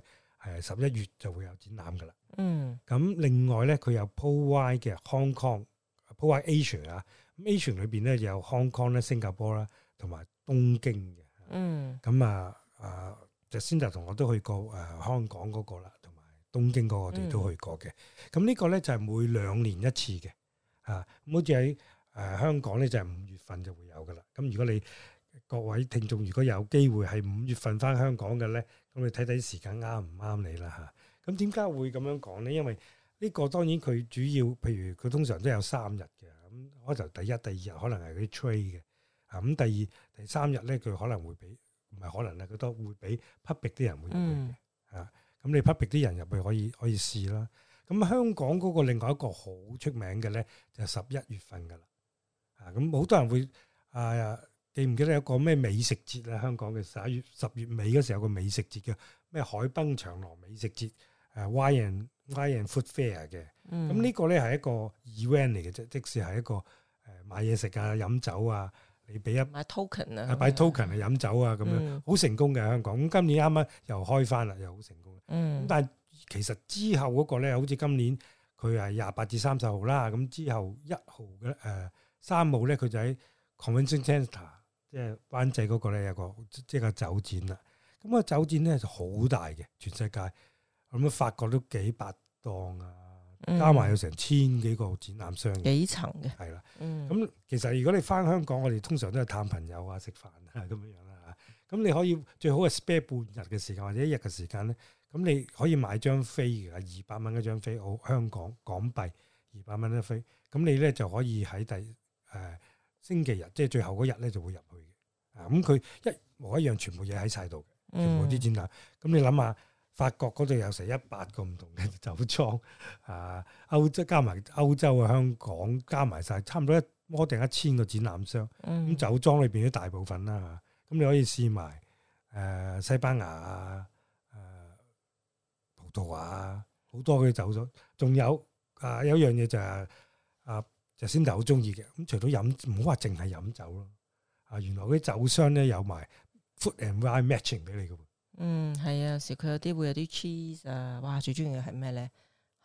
誒，十一月就會有展覽噶啦。嗯，咁另外咧，佢有 ProWine 嘅 Hong Kong，ProWine Asia 啊，咁 Asia 裏邊咧有 Hong Kong 咧、新加坡啦，同埋東京嘅。嗯，咁啊啊，Jacinda 同我都去過誒、呃、香港嗰個啦，同埋東京嗰個我哋都去過嘅。咁、嗯、呢個咧就係、是、每兩年一次嘅，啊，好似喺誒香港咧就係、是、五月份就會有噶啦。咁如果你各位聽眾，如果有機會係五月份翻香港嘅咧，咁你睇睇時間啱唔啱你啦吓，咁點解會咁樣講咧？因為呢個當然佢主要，譬如佢通常都有三日嘅，咁開頭第一、第二日可能係啲 trade 嘅，啊咁第二第三日咧佢可能會俾，唔係可能咧，佢都會俾 public 啲人會入去嘅，嗯、啊咁你 public 啲人入去可以可以試啦。咁、啊、香港嗰個另外一個好出名嘅咧，就十一月份噶啦，啊咁好、啊、多人會啊。記唔記得有個咩美食節啊？香港嘅十一月十月尾嗰時候有個美食節嘅，咩海濱長廊美食節，Wine and Dine Food Fair 嘅。咁呢個咧係一個 event 嚟嘅啫，即使係一個誒買嘢食啊、飲酒啊，你俾一買 token 啊，擺 token 嚟飲酒啊咁樣，好、嗯、成功嘅香港。咁今年啱啱又開翻啦，又好成功。嗯，但係其實之後嗰個咧，好似今年佢係廿八至三十號啦，咁之後一號嘅誒三號咧，佢、呃、就喺 Convention Centre、嗯。即係灣仔嗰個咧，有個即係個酒展啦，咁、個酒展咧就好大嘅，全世界，我諗法國都幾百檔啊，嗯、加埋有成千幾個展覽商嘅、嗯，幾層嘅，係啦。的，咁、嗯、其實如果你翻香港，我哋通常都係探朋友啊、食飯啊咁樣啦，咁你可以最好係 spare 半日嘅時間或者一日嘅時間咧，咁你可以買張飛嘅，二百蚊一張飛，好，香港港幣二百蚊一張飛，咁你咧就可以喺第誒。呃星期日即係最後嗰日咧，就會入去嘅。咁、啊、佢一模一樣，全部嘢喺晒度，全部啲展覽。咁、嗯嗯、你諗下，法國嗰度有成一百個唔同嘅酒莊。啊，歐洲加埋歐洲啊，香港加埋晒，差唔多一摩定一千個展覽商。咁、嗯、酒莊裏邊啲大部分啦。咁、嗯、你可以試埋誒、啊、西班牙啊，誒葡萄牙啊，好多嘅酒莊。仲有啊，有一樣嘢就係、是、啊。就先就好中意嘅，咁除咗飲，唔好話淨係飲酒咯。啊，原來嗰啲酒商咧有埋 food and wine matching 俾你嘅喎。嗯，係啊，有時佢有啲會有啲 cheese 啊，哇，最中意嘅係咩咧？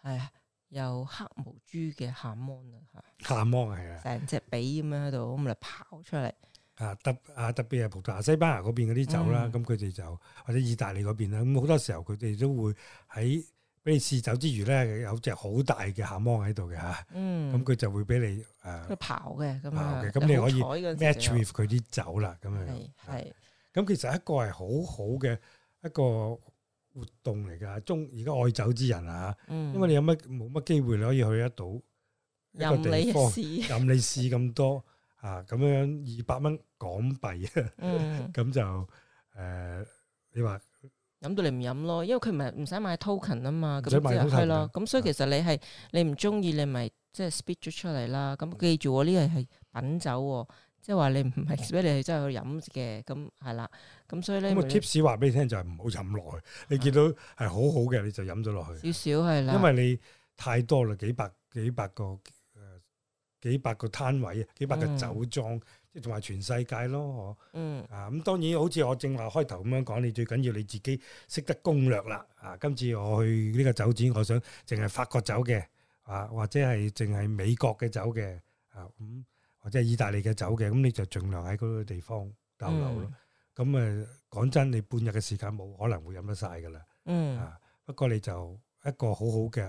係，啊，有黑毛豬嘅鹹芒啊，鹹芒係啊，成隻髀咁樣喺度咁嚟跑出嚟。啊，特啊特別係葡萄牙、西班牙嗰邊嗰啲酒啦，咁佢哋就或者意大利嗰邊啦，咁好多時候佢哋都會喺。俾你試酒之餘咧，有隻好大嘅蛤蟆喺度嘅嚇，咁佢、嗯、就會俾你誒。呃、跑嘅，跑嘅，咁你可以 match with 佢啲酒啦，咁樣。係係。咁其實一個係好好嘅一個活動嚟㗎，中而家愛酒之人啊，因為你有乜冇乜機會你可以去得到一個地方，任你試咁 <laughs> 多嚇，咁樣二百蚊港幣啊，咁就誒你話。飲到你唔飲咯，因為佢唔係唔使買 token 啊嘛，咁即係係咯，咁、嗯、所以其實你係你唔中意你咪即係 spit 咗出嚟啦。咁記住我呢樣係品酒喎、哦，即係話你唔係俾你真係去飲嘅，咁係啦。咁、嗯、所以咧，咁 tips 話俾你聽就係唔好飲落去。嗯、你見到係好好嘅你就飲咗落去，少少係啦。因為你太多啦，幾百幾百個誒幾百個攤位，幾百個酒莊。嗯即同埋全世界咯，嗬，嗯，啊，咁當然，好似我正話開頭咁樣講，你最緊要你自己識得攻略啦，啊，今次我去呢個酒展，我想淨係法國酒嘅，啊，或者係淨係美國嘅酒嘅，啊，咁或者係意大利嘅酒嘅，咁、啊、你就盡量喺嗰個地方逗留咯。咁誒、嗯，講、啊、真，你半日嘅時間冇可能會飲得晒噶啦，嗯，啊，不過你就一個好好嘅，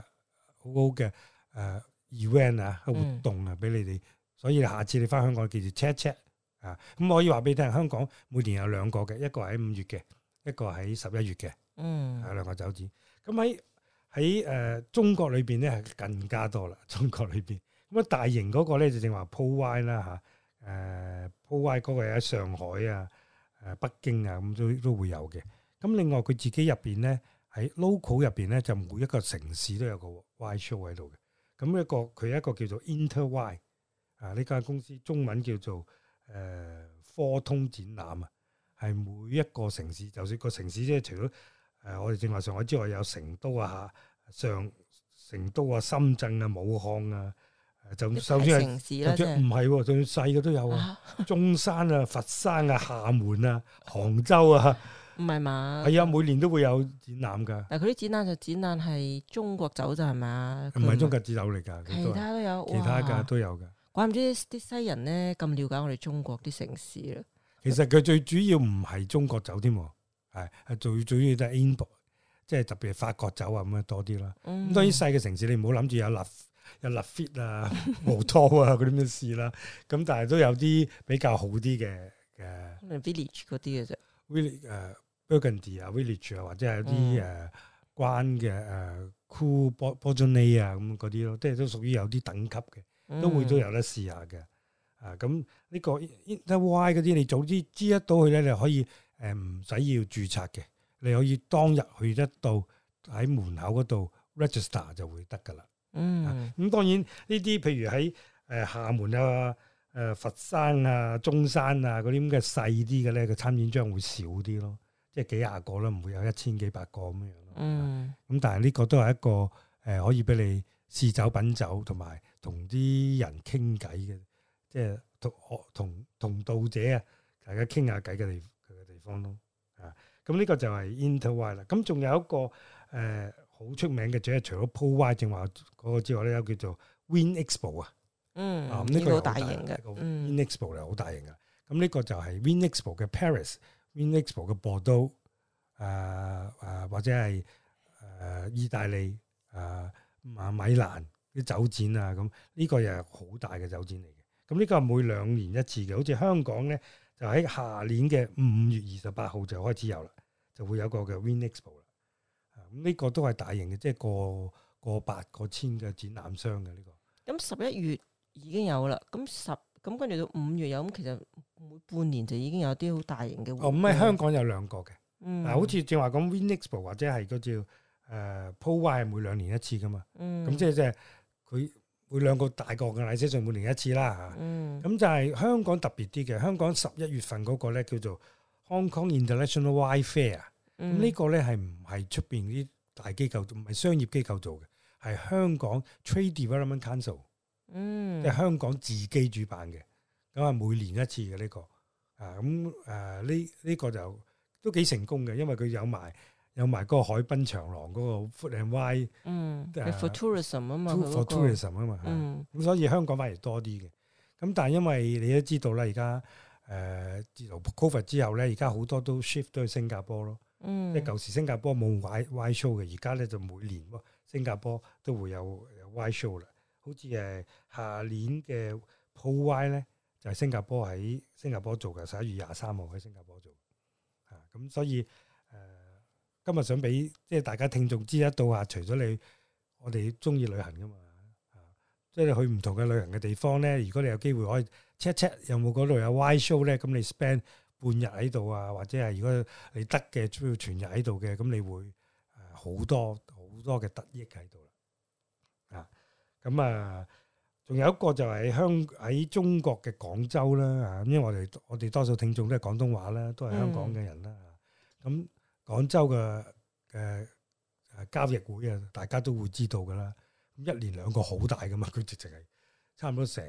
好好嘅誒 event 啊，活動啊，俾你哋。所以下次你翻香港，叫做 chat chat 啊，咁、嗯、可以話俾你聽，香港每年有兩個嘅，一個喺五月嘅，一個喺十一月嘅，嗯，係兩、啊、個酒展。咁喺喺誒中國裏邊咧係更加多啦，中國裏邊咁啊，大型嗰個咧就正話 Prowine 啦嚇，誒 Prowine 個喺上海啊、誒、啊、北京啊咁都都會有嘅。咁另外佢自己入邊咧喺 local 入邊咧就每一個城市都有個 wine show 喺度嘅。咁一個佢一,一個叫做 Interwine。啊！呢間公司中文叫做誒科通展覽啊，係每一個城市，就算個城市即係除咗誒我哋正話上海之外，有成都啊、上成都啊、深圳啊、武漢啊，就首先係城市，唔係？最細嘅都有啊，中山啊、佛山啊、廈門啊、杭州啊，唔係嘛？係啊，每年都會有展覽㗎。但係佢啲展覽就展覽係中國走咋係嘛？唔係中國只走嚟㗎，其他都有，其他嘅都有㗎。怪唔知啲西人咧咁了解我哋中國啲城市啦。其實佢最主要唔係中國酒添，係係最主要都係飲酒，即係特別係法國酒啊咁樣多啲啦。咁、嗯、當然細嘅城市你唔好諗住有立有立 fit 啊、毛拖 <laughs> 啊嗰啲咩事啦。咁但係都有啲比較好啲嘅嘅 village 嗰啲嘅啫。village Burgundy 啊 village 啊或者係有啲誒、啊嗯、關嘅誒 cool b o r d 波 n 佐尼啊咁嗰啲咯，即係都屬於有啲等級嘅。嗯、都會都有得試下嘅，啊咁呢、這個 Interwine 嗰啲，你早知知得到佢咧，你可以誒唔使要註冊嘅，你可以當日去得到喺門口嗰度 register 就會得噶啦。嗯，咁當然呢啲譬如喺誒廈門啊、誒、呃、佛山啊、中山啊嗰啲咁嘅細啲嘅咧，個參展商會少啲咯，即係幾廿個啦，唔會有一千幾百個咁樣咯。嗯，咁、啊、但係呢個都係一個誒、呃，可以俾你試酒品酒同埋。同啲人傾偈嘅，即係同同同道者啊，大家傾下偈嘅地佢嘅地方咯，啊！咁呢個就係 Interwine 啦。咁仲有一個誒好出名嘅，即係除咗 ProWine 正話嗰個之外咧，有叫做 Vinexpo 啊。嗯，呢個好大型嘅 Vinexpo 又好大型嘅。咁呢個就係 Vinexpo 嘅 Paris，Vinexpo 嘅波都，誒誒或者係誒意大利，誒啊米蘭。啲酒展啊咁，呢、這個又係好大嘅酒展嚟嘅。咁、這、呢個係每兩年一次嘅，好似香港咧就喺下年嘅五月二十八號就開始有啦，就會有個叫 Vinexpo 啦。咁、這、呢個都係大型嘅，即係過過百過千嘅展覽商嘅呢、嗯這個。咁十一月已經有啦，咁十咁跟住到五月有咁，其實每半年就已經有啲好大型嘅。哦、嗯，唔係香港有兩個嘅，嗱好似正話講 Vinexpo 或者係嗰叫、呃、誒 Prowine，係每兩年一次噶嘛。嗯，咁即係即係。佢佢兩個大個嘅奶車，上每年一次啦嚇。咁就係香港特別啲嘅，香港十一月份嗰個咧叫做 Hong Kong International Wine Fair。呢個咧係唔係出邊啲大機構，唔係商業機構做嘅，係香港 Trade Development Council、嗯、即係香港自己主辦嘅。咁啊，每年一次嘅呢、這個啊，咁誒呢呢個就都幾成功嘅，因為佢有埋。有埋嗰個海濱長廊嗰個 Food and Wine，嗯，for tourism 啊嘛，for tourism 啊嘛，咁所以香港反而多啲嘅。咁、嗯、但係因為你都知道啦，而家誒自從 COVID 之後咧，而家好多都 shift 都去新加坡咯。嗯、即係舊時新加坡冇 wine wine show 嘅，而家咧就每年喎新加坡都會有 wine show 啦。好似誒下年嘅 ProWine 咧就係、是、新加坡喺新加坡做嘅，十一月廿三號喺新加坡做。啊，咁所以。今日想俾即係大家聽眾知一到啊，除咗你，我哋中意旅行噶嘛，即係你去唔同嘅旅行嘅地方咧。如果你有機會可以 check check 有冇嗰度有 wine show 咧，咁你 spend 半日喺度啊，或者係如果你得嘅都要全日喺度嘅，咁你會好多好多嘅得益喺度啦。啊，咁啊，仲有一個就係香喺中國嘅廣州啦啊，因為我哋我哋多數聽眾都係廣東話啦，都係香港嘅人啦，咁。廣州嘅誒誒交易會啊，大家都會知道㗎喇。咁一年兩個好大㗎嘛，佢直直係差唔多成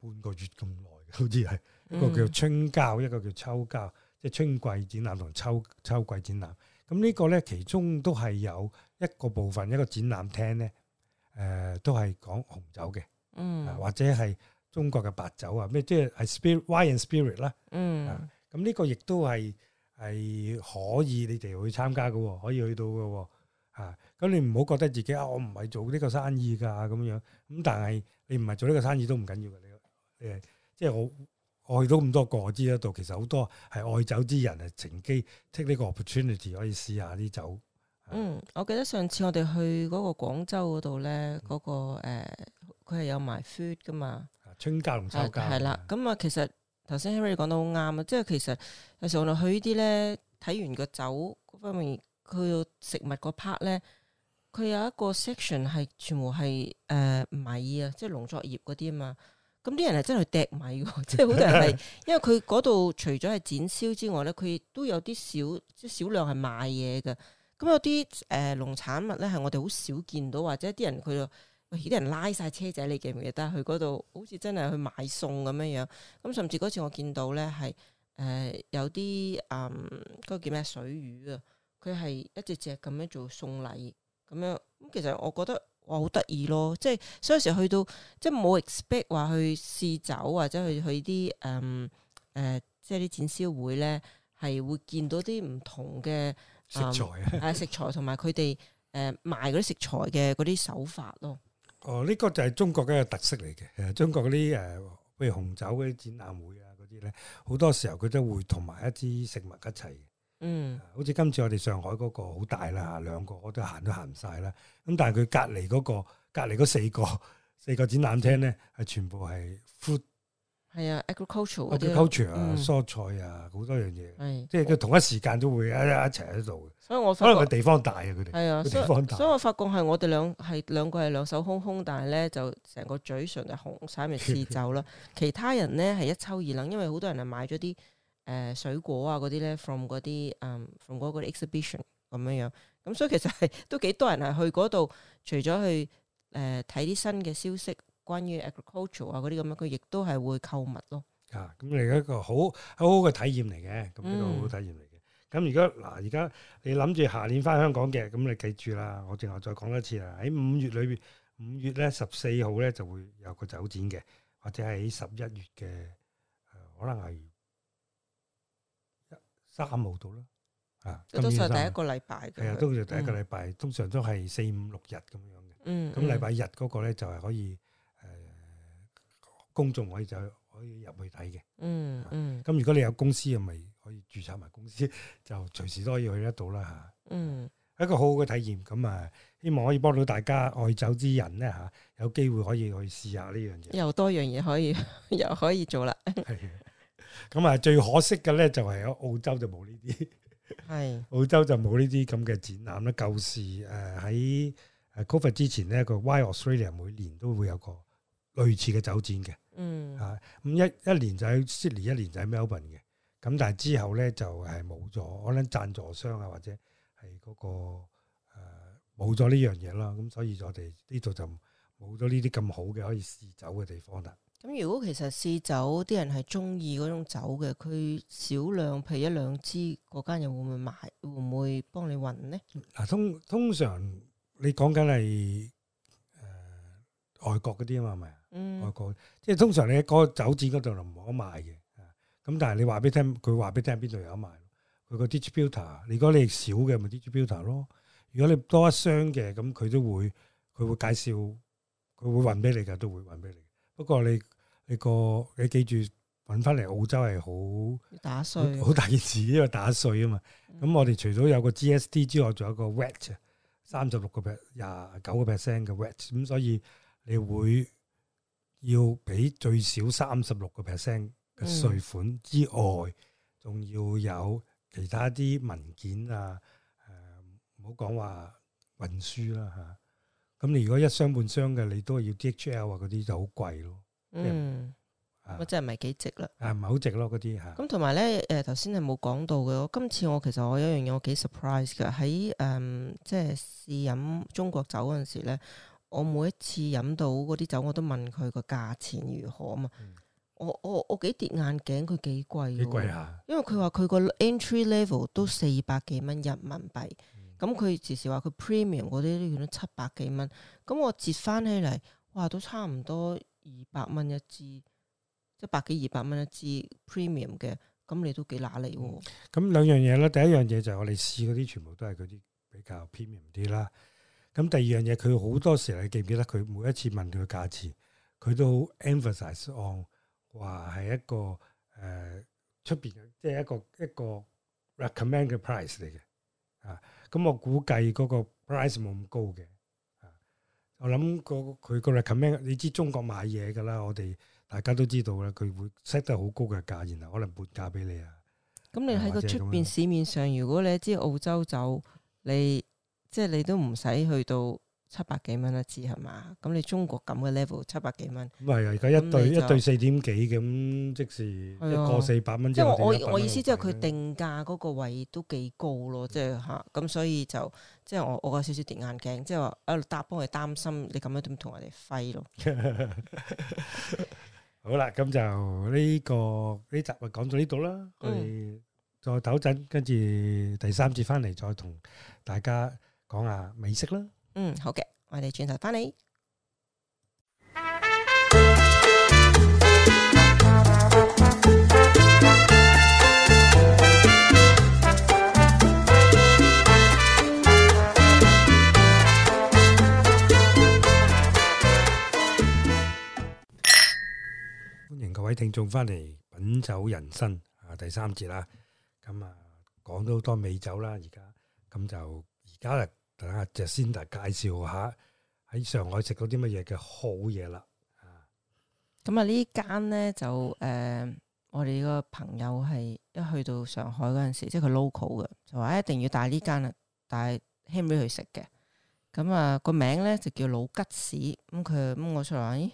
半個月咁耐，好似係、嗯、一個叫春交，一個叫秋交，即春季展覽同秋秋季展覽。咁、嗯這個、呢個咧，其中都係有一個部分，一個展覽廳咧，誒、呃、都係講紅酒嘅、嗯啊啊，嗯，或者係中國嘅白酒啊，咩即係 spirit wine spirit 啦，嗯，咁呢個亦都係。係可以，你哋去參加嘅，可以去到嘅，嚇、啊！咁你唔好覺得自己啊，我唔係做呢個生意㗎咁樣。咁但係你唔係做呢個生意都唔緊要嘅。你誒，即、就、係、是、我我去到咁多個，知得度，其實好多係愛酒之人啊，乘機 take 呢個 opportunity 可以試下啲酒。嗯，我記得上次我哋去嗰個廣州嗰度咧，嗰、嗯那個佢係、呃、有賣 food 㗎嘛？啊，春餃同秋餃。係啦、啊，咁啊，啊，其實。頭先 Henry 講得好啱啊！即係其實有時我哋去呢啲咧，睇完個酒方面，去到食物嗰 part 咧，佢有一個 section 係全部係誒米啊，即係農作業嗰啲啊嘛。咁啲人係真係去掟米，即係好多人係， <laughs> 因為佢嗰度除咗係展銷之外咧，佢都有啲少即係少量係賣嘢嘅。咁有啲誒、呃、農產物咧，係我哋好少見到，或者啲人佢。喂，啲、哎、人拉晒車仔，你記唔記得？去嗰度好似真係去買餸咁樣樣。咁、嗯、甚至嗰次我見到咧，係誒、呃、有啲啊嗰個叫咩水魚啊，佢係一隻隻咁樣做送禮咁樣。咁、嗯、其實我覺得我好得意咯，即係所以有時去到即係冇 expect 話去試酒或者去去啲誒誒，即係啲展銷會咧，係會見到啲唔同嘅、嗯、食材啊，啊，食材同埋佢哋誒賣嗰啲食材嘅嗰啲手法咯。哦，呢、這個就係中國嘅特色嚟嘅，誒，中國啲誒，譬、呃、如紅酒啲展覽會啊嗰啲咧，好多時候佢都會同埋一啲食物一齊嗯，啊、好似今次我哋上海嗰個好大啦，兩個我都行都行唔曬啦，咁、嗯、但係佢隔離嗰個隔離嗰四個四個展覽廳咧，係全部係 food 係啊 agricultural 嗰啲，agriculture 啊，啊嗯、蔬菜啊，好多樣嘢，是即係佢同一時間都會一一齊喺度，所以我發覺可能個地方大啊，佢哋。係啊，們所以地方大。啊。所以我發覺係我哋兩係兩個係兩手空空，但係咧就成個嘴唇嘅紅晒咪刺皺啦。 <laughs> 其他人咧係一抽二掕，因為好多人係買咗啲誒水果啊嗰啲咧，from 嗰啲誒 from 嗰個 exhibition 咁樣樣。咁所以其實係都幾多人係去嗰度，除咗去誒睇啲新嘅消息。關於 agricultural 啊嗰啲咁樣，佢亦都係會購物咯。啊，咁你一個好、嗯、一個好好嘅體驗嚟嘅，咁呢個好好體驗嚟嘅。咁而家嗱，而家你諗住下年翻香港嘅，咁你記住啦，我最後再講多次啦。喺五月裏邊，五月咧十四號咧就會有個酒展嘅，或者喺十一月嘅，可能係三號度啦。嗯、啊，都算第一個禮拜。係啊，都算、嗯、第一個禮拜，通常都係四五六日咁樣嘅。嗯。咁禮拜日嗰個咧就係可以。嗯嗯公眾可以就可以入去睇嘅、嗯，嗯嗯。咁如果你有公司，咪可以註冊埋公司，就隨時都可以去得到啦吓。嗯，一個好好嘅體驗。咁啊，希望可以幫到大家愛酒之人咧吓，有機會可以去試下呢樣嘢。又多樣嘢可以，又可以做啦。係。咁啊，最可惜嘅咧就係喺澳洲就冇呢啲。係的。澳洲就冇呢啲咁嘅展覽啦。舊時誒喺誒 COVID 之前咧，個 Wine Australia 每年都會有個類似嘅酒展嘅。嗯，啊，咁一一年就喺 Sydney，一年就喺 Melbourne 嘅，咁但係之後咧就係冇咗，可能贊助商啊或者係嗰、嗰個誒冇咗呢樣嘢啦，咁、呃、所以我哋呢度就冇咗呢啲咁好嘅可以試酒嘅地方啦。咁如果其實試酒啲人係中意嗰種酒嘅，佢少量譬如一兩支，嗰間又會唔會買？會唔會幫你運呢？嗱，通通常你講緊係誒外國嗰啲啊嘛，係咪啊？外國、嗯，即係通常咧嗰個酒店嗰度就唔可賣嘅，咁但係你話俾聽，佢話俾聽邊度有得賣？佢個 digital，Builder，如果你少嘅咪 digital Builder 咯，如果你多一箱嘅咁佢都會，佢會介紹，佢會運俾你噶，都會運俾你。不過你你個你，你記住，運翻嚟澳洲係好打碎，好大件事，因為打碎啊嘛。咁、嗯、我哋除咗有個 GST 之外，仲有個 WET，三十六個 percent，廿九個 percent 嘅 WET，咁所以你會。嗯要俾最少三十六個 percent 嘅稅款之外，仲、嗯、要有其他啲文件啊，誒、呃，唔好講話運輸啦嚇。咁、啊、你如果一箱半箱嘅，你都要 DHL 啊嗰啲就好貴咯。嗯，咁真係唔係幾值啦、啊？啊，唔係好值咯嗰啲嚇。咁同埋咧，誒頭先你冇講到嘅，今次我其實我有樣嘢我幾 surprise 㗎，喺誒、嗯、即係試飲中國酒嗰陣時咧。我每一次飲到嗰啲酒，我都問佢個價錢如何啊嘛！嗯、我我我幾跌眼鏡，佢幾貴喎、啊。貴啊、因為佢話佢個 entry level 都四百幾蚊人民幣，咁佢、嗯、時時話佢 premium 嗰啲都七百幾蚊。咁我折翻起嚟，哇，都差唔多二百蚊一支，即係、一百幾二百蚊一支 premium 嘅，咁你都幾乸利喎。咁、嗯、兩樣嘢啦，第一樣嘢就係我哋試嗰啲，全部都係嗰啲比較偏門啲啦。咁第二樣嘢，佢好多時候你記唔記得？佢每一次問佢價錢，佢都 emphasize on、哦、話係一個誒出邊，即係一個一個 recommend 嘅 price 嚟嘅。啊，咁、嗯、我估計嗰個 price 冇咁高嘅。啊，我諗嗰佢個，個 recommend，你知中國買嘢㗎啦，我哋大家都知道啦，佢會 set 得好高嘅價，然後可能半價俾你啊。咁那你喺個出邊市面上，如果你知澳洲酒，你。即係你都唔使去到七百幾蚊一支係嘛？咁你中國咁嘅 level 七百幾蚊，唔係啊！而家一對一對四點幾咁，即係一個四百蚊。啊、即係我我我意思，即係佢定價嗰個位都幾高咯，嗯、即係吓咁，啊、所以就即係我我有少少跌眼鏡，即係話阿達幫佢擔心，你咁樣點同人哋揮咯？ <laughs> 好啦，咁就呢、呢個呢集咪講到呢度啦，嗯、我哋再唞陣，跟住第三節翻嚟再同大家。講下美食啦。嗯，好嘅，我哋轉頭翻嚟。歡迎各位聽眾翻嚟品酒人生啊，第三節啦。咁啊，講咗好多美酒啦，而家咁就而家啦。等下就先嚟介紹下喺上海食到啲乜嘢嘅好嘢啦。咁啊呢間咧就誒、呃，我哋個朋友係一去到上海嗰陣時，即係佢 local 嘅，就話一定要帶呢間帶、嗯、啊，帶 Henry 去食嘅。咁啊個名咧就叫老吉士，咁佢咁我出嚟，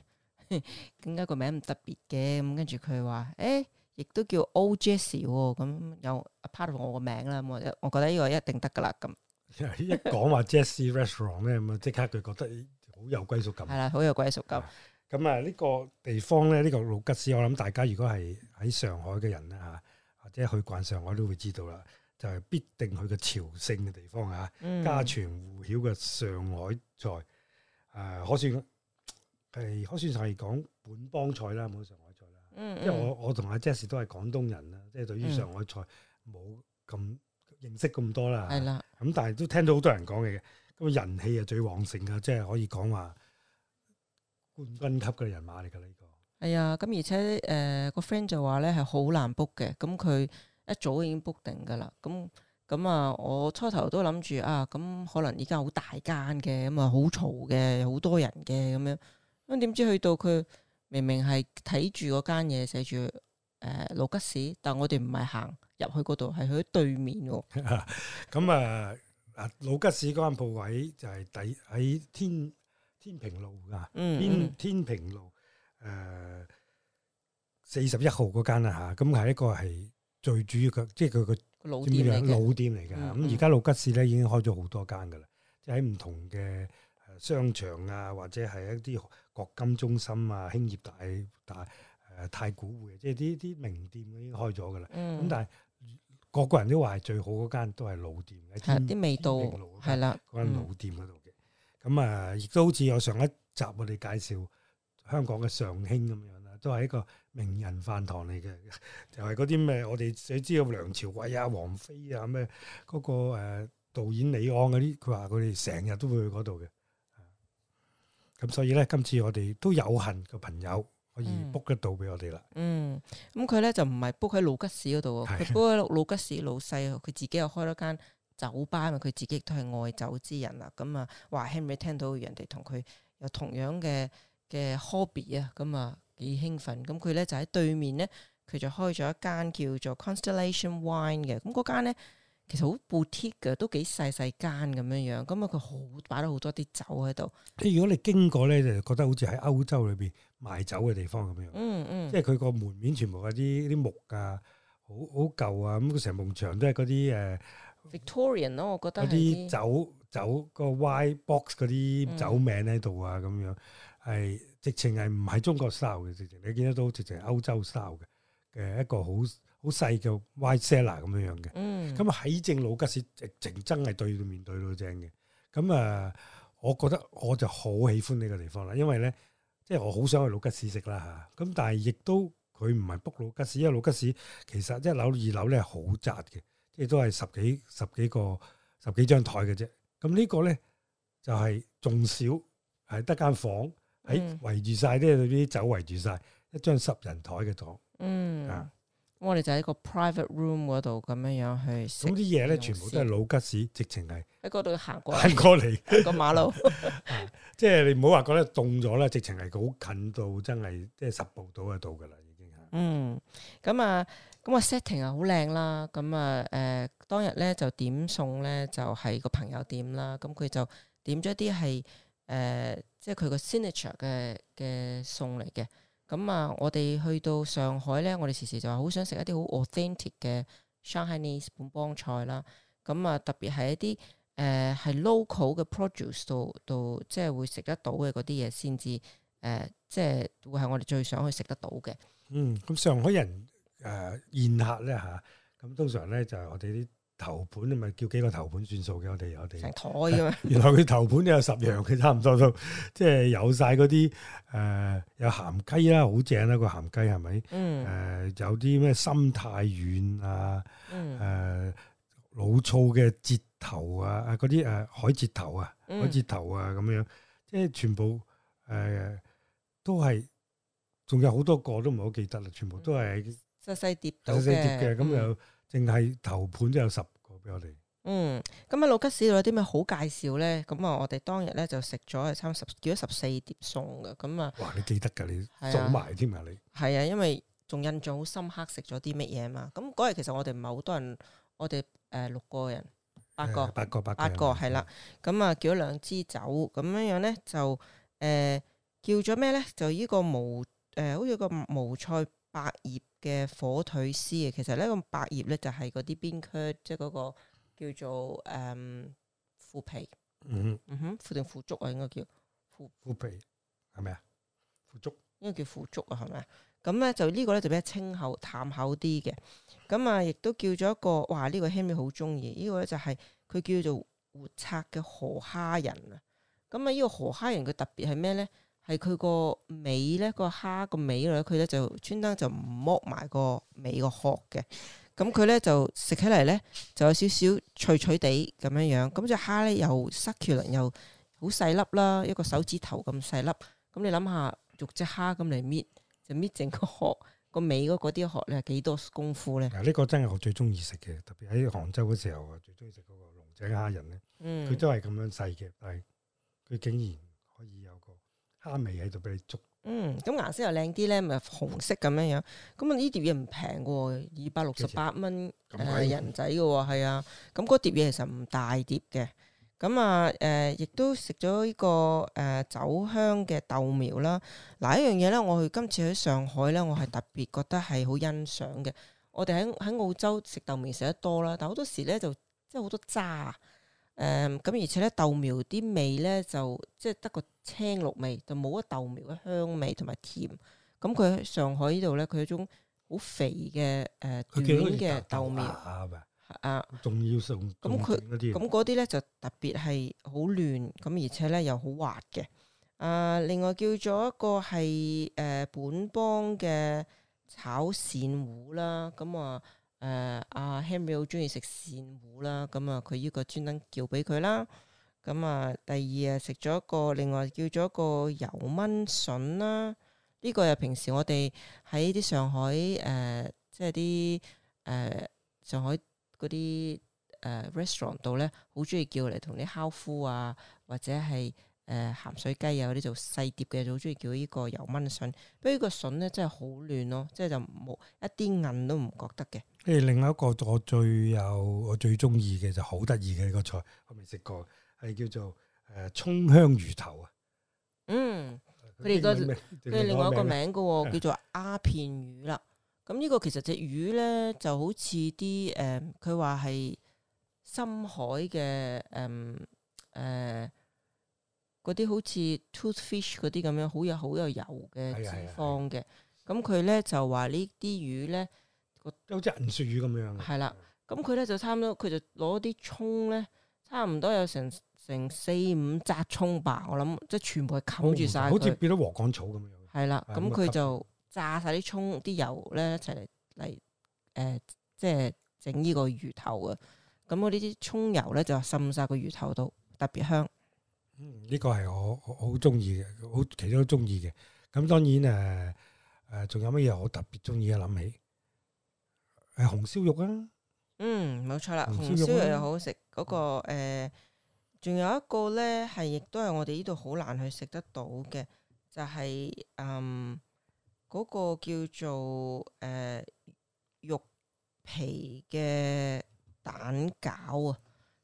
咦，點解個名咁特別嘅？咁跟住佢話，誒，亦、欸、都叫 Old Jesse 咁、哦嗯、有、A、part of 我個名啦。咁我我覺得呢個一定得噶啦。咁、嗯。 <laughs> 一講話 Jesse Restaurant 咧，咁啊即刻佢覺得好有歸屬感。係啦， <laughs> 好有歸屬感。咁啊，呢、啊呢個地方咧，呢、呢個老吉士，我諗大家如果係喺上海嘅人咧嚇、啊，或者去慣上海都會知道啦，就係、是、必定去嘅朝聖嘅地方啊，嗯、家傳戶曉嘅上海菜，誒、啊，可算係可算係講本幫菜啦，冇上海菜啦。嗯嗯，因為我我同阿 Jesse 都係廣東人啦，即、就、係、是、對於上海菜冇咁。嗯嗯認識咁多啦，咁係啦，但係都聽到好多人講嘅，咁人氣啊最旺盛噶，即係可以講話冠軍級嘅人馬嚟噶呢個。係啊，咁而且誒個 friend 就話咧係好難 book 嘅，咁佢一早已經 book 定噶啦。咁咁啊，我初頭都諗住啊，咁可能依家好大間嘅，咁啊好嘈嘅，好多人嘅咁樣。咁點知去到佢明明係睇住嗰間嘢寫住誒、呃、「老吉士」，但我哋唔係行。入去嗰度係佢對面喎、哦，咁啊老吉士嗰間鋪位就係抵喺天天平路噶邊、嗯嗯、天平路誒四十一號嗰間啊，吓、嗯，咁係、嗯、一個係最主要嘅，即係佢個老店嚟嘅，老店嚟嘅，咁而家老吉士咧已經開咗好多間噶啦，即喺唔同嘅商場啊，或者係一啲國金中心啊、興業大、大誒太古匯，即係啲啲名店已經開咗噶啦，咁但係。 <laughs> <laughs> 個個人都話係最好嗰間都係老店，係啲味道，係啦天，嗰間的老店嗰度嘅。咁啊、嗯，亦都好似我上一集我哋介紹香港嘅上興咁樣啦，都係一個名人飯堂嚟嘅，就係嗰啲咩我哋所知道梁朝偉啊、王菲啊咩，嘅嗰、嗰個、呃、導演李安嗰啲，佢話佢哋成日都會去嗰度嘅。咁所以咧，今次我哋都有幸嘅朋友。可以 book 得到俾我哋啦、嗯。嗯，咁佢咧就唔係 book 喺老吉士嗰度喎，佢 book 喺老吉士老細，佢是的 自己又開咗間酒吧嘛，佢自己都係愛酒之人啦。咁啊，華兄咪聽到人哋同佢有同樣嘅嘅 hobby 啊、嗯，咁啊幾興奮。咁佢咧就喺對面咧，佢就開咗一間叫做 Constellation Wine 嘅。咁嗰間咧。其實好 boutique 嘅，都幾細細間咁樣樣，咁啊佢好擺咗好多啲酒喺度。即係如果你經過咧，就覺得好似喺歐洲裏邊賣酒嘅地方咁樣。嗯嗯。即係佢個門面全部係啲啲木架，好好舊啊！咁佢成棟牆都係嗰啲誒 Victorian 咯，我覺得。嗰啲酒酒個 wine box 嗰啲酒名喺度啊，咁樣係直情係唔係中國 style 嘅，直情你見得到直情係歐洲 style 嘅嘅一個好。好細嘅 wine cellar 咁樣樣嘅，咁喺正老吉士直情真係對面對到正嘅，咁啊，我覺得我就好喜歡呢個地方啦，因為咧，即係我好想去老吉士食啦吓，咁但係亦都佢唔係 book 老吉士，因為老吉士其實一樓二樓咧好窄嘅，即係都係十幾十幾個十幾張台嘅啫，咁呢個咧就係、是、仲少，係得間房喺圍住晒啲啲酒圍住晒一張十人台嘅台，嗯啊。咁我哋就喺個 private room 嗰度咁樣樣去食啲嘢咧，全部都係老吉士，直情係喺嗰度行過行過嚟個馬路，即係你唔好話覺得凍咗啦，直情係好近到真係，即係十步到就到噶啦，已經係。嗯，咁啊，咁啊 setting 啊好靚啦，咁啊，誒，當日咧就點餸咧就係個朋友點啦，咁佢就點咗一啲係誒，即係佢個 signature 嘅嘅餸嚟嘅。咁啊，我哋去到上海呢，我哋時時就話好想食一啲好 authentic 嘅 Shanghainese 本幫菜啦。咁啊，特別係一啲誒係 local 嘅 produce 度，到、呃，即係會食得到嘅嗰啲嘢先至誒，即係會係我哋最想去食得到嘅。嗯，咁上海人誒宴、呃、客呢，嚇、啊，咁通常呢，就係、是、我哋啲。頭盤你咪叫幾個頭盤算數嘅？我哋我哋成台原來佢頭盤都有十樣嘅，差唔多都即係有晒嗰啲誒有鹹雞啦，好正啦，個鹹雞係咪？是是嗯誒、呃、有啲咩心太軟、呃嗯、啊？嗯老醋嘅蜇頭啊啊，嗰啲誒海蜇頭啊海蜇頭啊咁樣，即、就、係、是、全部誒、呃、都係，仲有好多個都唔係好記得啦，全部都係細細碟細細碟嘅，咁又淨係頭盤都有十。的俾我哋，嗯，咁啊老吉士度有啲咩好介紹咧？咁啊，我哋當日咧就食咗差唔多十叫咗十四碟餸嘅，咁啊，哇！你記得噶、啊、你數埋添啊你係啊，因為仲印象好深刻，食咗啲乜嘢嘛？咁嗰日其實我哋唔係好多人，我哋誒、呃、六個人，八個，哎、八個，八個係啦。咁啊、嗯、叫咗兩支酒，咁樣樣咧就誒叫咗咩咧？就依、呃這個毛誒，好、呃、似個毛、呃、菜百葉。嘅火腿絲嘅，其實呢個百葉咧就係嗰啲邊區，即係嗰個叫做誒、嗯、腐皮，嗯哼，腐定腐竹啊，應該叫腐腐皮係咪啊？腐竹應該叫腐竹啊，係咪啊？咁咧就個呢個咧就比較清口、淡口啲嘅，咁啊亦都叫咗一個哇！這個這個、呢個 Henry 好鍾意呢個咧就係、是、佢叫做活拆嘅河蝦仁啊！咁啊呢個河蝦仁佢特別係咩咧？係佢個尾咧，個蝦個尾咧，佢咧就專登就剝埋個尾個殼嘅。咁佢咧就食起嚟咧，就有少少脆脆地咁樣樣。咁隻蝦咧又塞 u c 又好細粒啦，一個手指頭咁細粒。咁你諗下，用隻蝦咁嚟搣，就搣成個殼個尾嗰啲殼咧，幾多功夫咧？嗱，呢個真係我最中意食嘅，特別喺杭州嗰時候啊，最中意食嗰個龍井蝦仁咧。佢、嗯、都係咁樣細嘅，但係佢竟然。蝦味喺度俾你捉，嗯，咁顏色又靚啲咧，咪紅色咁樣樣，咁啊呢碟嘢唔平嘅，二百六十八蚊誒人仔嘅，係啊，咁嗰碟嘢其實唔大碟嘅，咁啊誒亦、呃、都食咗呢個誒、呃、酒香嘅豆苗啦，嗱一樣嘢咧，我去今次喺上海咧，我係特別覺得係好欣賞嘅，我哋喺喺澳洲食豆苗食得多啦，但好多時咧就即係好多渣。誒咁、嗯，而且咧豆苗啲味咧就即係得個青綠味，就冇咗豆苗嘅香味同埋甜。咁佢喺上海呢度咧，佢有種好肥嘅誒、呃、短嘅豆苗啊，仲要性。咁佢咁嗰啲咧就特別係好嫩，咁而且咧又好滑嘅。啊、呃，另外叫咗一個係誒、呃、本幫嘅炒鱔糊啦，咁、嗯、啊～、呃誒阿、uh, Henry 好中意食扇糊啦，咁啊佢依個專登叫俾佢啦。咁啊第二啊食咗一個另外叫咗一個油炆筍啦。呢、這個又平時我哋喺啲上海誒、呃，即係啲誒上海嗰啲誒 restaurant 度咧，好中意叫嚟同啲烤夫啊或者係。誒，鹹、呃、水雞啊，啲做細碟嘅，就好中意叫呢個油燜筍。不過呢個筍咧，真係好嫩咯，即係就冇一啲韌都唔覺得嘅。誒，另外一個我最有我最中意嘅就好得意嘅一個菜，我未食過，係叫做誒葱、呃、香魚頭啊。嗯，佢哋、嗰個係另外一個名嘅喎， <laughs> 叫做鴉片魚啦。咁呢、嗯、個其實隻魚咧，就好似啲誒，佢話係深海嘅，嗯、呃，誒、呃。嗰啲好似 toothfish 嗰啲咁樣，好有好有油嘅脂肪嘅。咁佢咧就話呢啲魚咧，個好似銀鱈魚咁樣。係啦，咁佢咧就差唔多，佢就攞啲葱咧，差唔多有成成四五紮葱吧。我諗即係全部係冚住晒、哦，好似變咗禾杆草咁樣。係啦的，咁佢的就炸晒啲葱啲油咧一齊嚟嚟，誒，即係整呢個魚頭啊。咁呢啲葱油咧就滲晒個魚頭度，特別香。呢個係我好中意嘅，好其中都中意嘅。咁當然誒誒，仲、呃、有乜嘢我特別中意啊？諗起誒，紅燒肉啊，嗯，冇錯啦，紅燒肉又、啊、好好食。嗰、那個誒，仲、呃、有一個咧，係亦都係我哋呢度好難去食得到嘅，就係嗯嗰個叫做誒、呃、肉皮嘅蛋餃啊。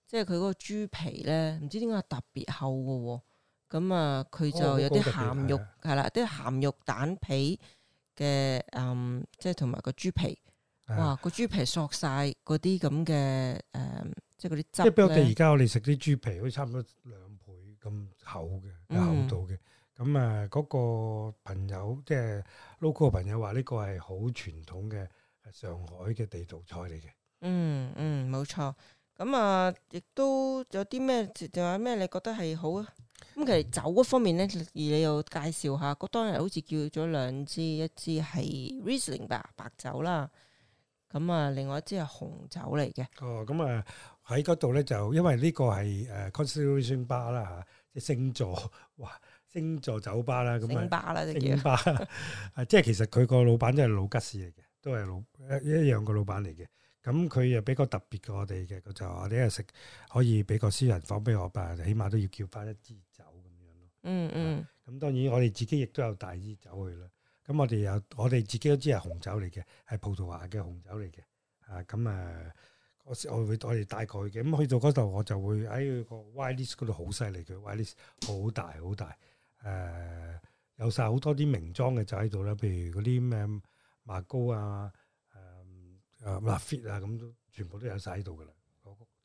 即係佢嗰個豬皮咧，唔知點解特別厚嘅喎、哦，咁啊佢就有啲鹹肉係啦，啲鹹、哦那個、肉蛋皮嘅，嗯，即係同埋個豬皮，嗯、哇個豬皮嗦晒嗰啲咁嘅，誒、嗯，即係嗰啲汁咧。比我哋而家我哋食啲豬皮好似差唔多兩倍咁厚嘅，厚到嘅。咁啊、嗯，嗰個朋友即係 local 嘅朋友話呢個係好傳統嘅上海嘅地道菜嚟嘅、嗯。嗯嗯，冇錯。咁啊，亦都、嗯、有啲咩，仲有咩你覺得係好啊？咁、嗯、其實酒方面咧，而你又介紹下，我當日好似叫咗兩支，一支係 Riesling 吧白酒啦，咁啊，另外一支係紅酒嚟嘅。哦，咁啊喺嗰度咧就因為呢個係誒 Constellation Bar 啦、啊、吓，即星座哇星座酒吧巴啦咁啊，星吧啦只啊即係巴 <laughs> 其實佢個老闆真係老吉士嚟嘅，都係老一一樣個老闆嚟嘅。咁佢又比較特別過我哋嘅，就我哋喺度食，可以俾個私人房俾我吧，起碼都要叫翻一支酒咁樣咯。嗯嗯。咁、嗯、當然我哋自己亦都有帶支酒去啦。咁我哋有，我哋自己都知係紅酒嚟嘅，係葡萄牙嘅紅酒嚟嘅。啊咁啊，我我會我哋帶過去嘅。咁去到嗰度我就會喺個 wine list 嗰度好犀利嘅 wine list 好大好大。誒、呃、有晒好多啲名莊嘅酒喺度啦，譬如嗰啲咩馬高啊。啊，嗱 fit 啊，咁都全部都有曬喺度噶啦，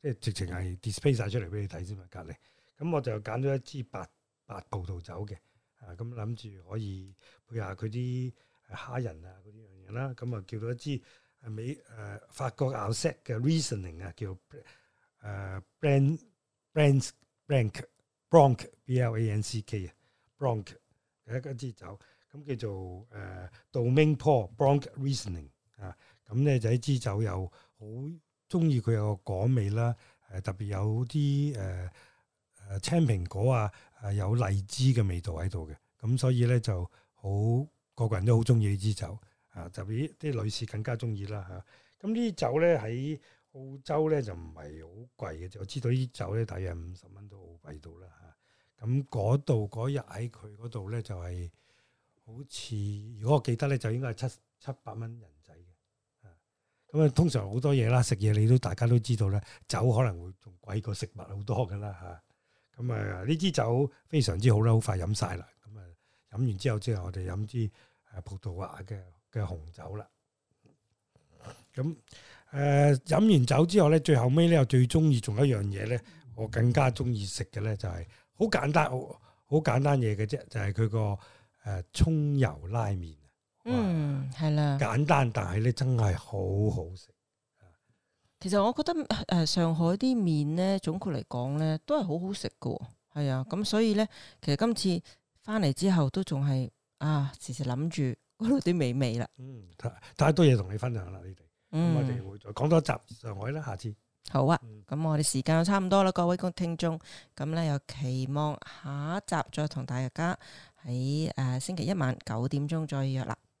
即係直情係 display 曬出嚟俾你睇先嘛，隔離。咁我就揀咗一支白白葡萄酒嘅，啊，咁諗住可以配下佢啲蝦仁啊嗰啲樣嘢啦。咁啊，叫咗一支美誒法國 Alsace 嘅 Riesling 啊，叫誒 Blanck Blanck Blanck Blanck b l a n c k Blanck，第一支酒，咁叫做誒 Domaine Paul Blanck Riesling 啊。咁咧就一支酒又好中意佢有個果味啦，誒特別有啲誒誒青蘋果啊，誒有荔枝嘅味道喺度嘅，咁所以咧就好個個人都好中意呢支酒，啊特別啲女士更加中意啦嚇。咁、啊、呢啲酒咧喺澳洲咧就唔係好貴嘅，啫，我知道呢啲酒咧大約五十蚊都好貴到啦嚇。咁嗰度嗰日喺佢嗰度咧就係好似如果我記得咧就應該係七七百蚊人。咁啊，通常好多嘢啦，食嘢你都大家都知道啦。酒可能會仲貴過食物好多噶啦嚇。咁啊，呢、啊、支酒非常之好啦，好快飲晒啦。咁啊，飲完之後即係我哋飲支誒葡萄牙嘅嘅紅酒啦。咁誒飲完酒之後咧，最後尾咧，我最中意仲有一樣嘢咧，我更加中意食嘅咧就係好簡單好簡單嘢嘅啫，就係佢個誒蔥油拉麵。哇嗯，係啦，簡單但係咧真係好好食。其實我覺得誒上海啲麵咧，總括嚟講咧都係好好食噶係啊。咁所以咧，其實今次翻嚟之後都仲係啊，時時諗住嗰度啲美味啦。嗯，太多嘢同你分享啦，你哋。嗯，我哋會再講多集上海啦，下次。好啊，咁、嗯、我哋時間差唔多啦，各位聽眾，咁咧又期望下一集再同大家喺誒、呃、星期一晚九點鐘再約啦。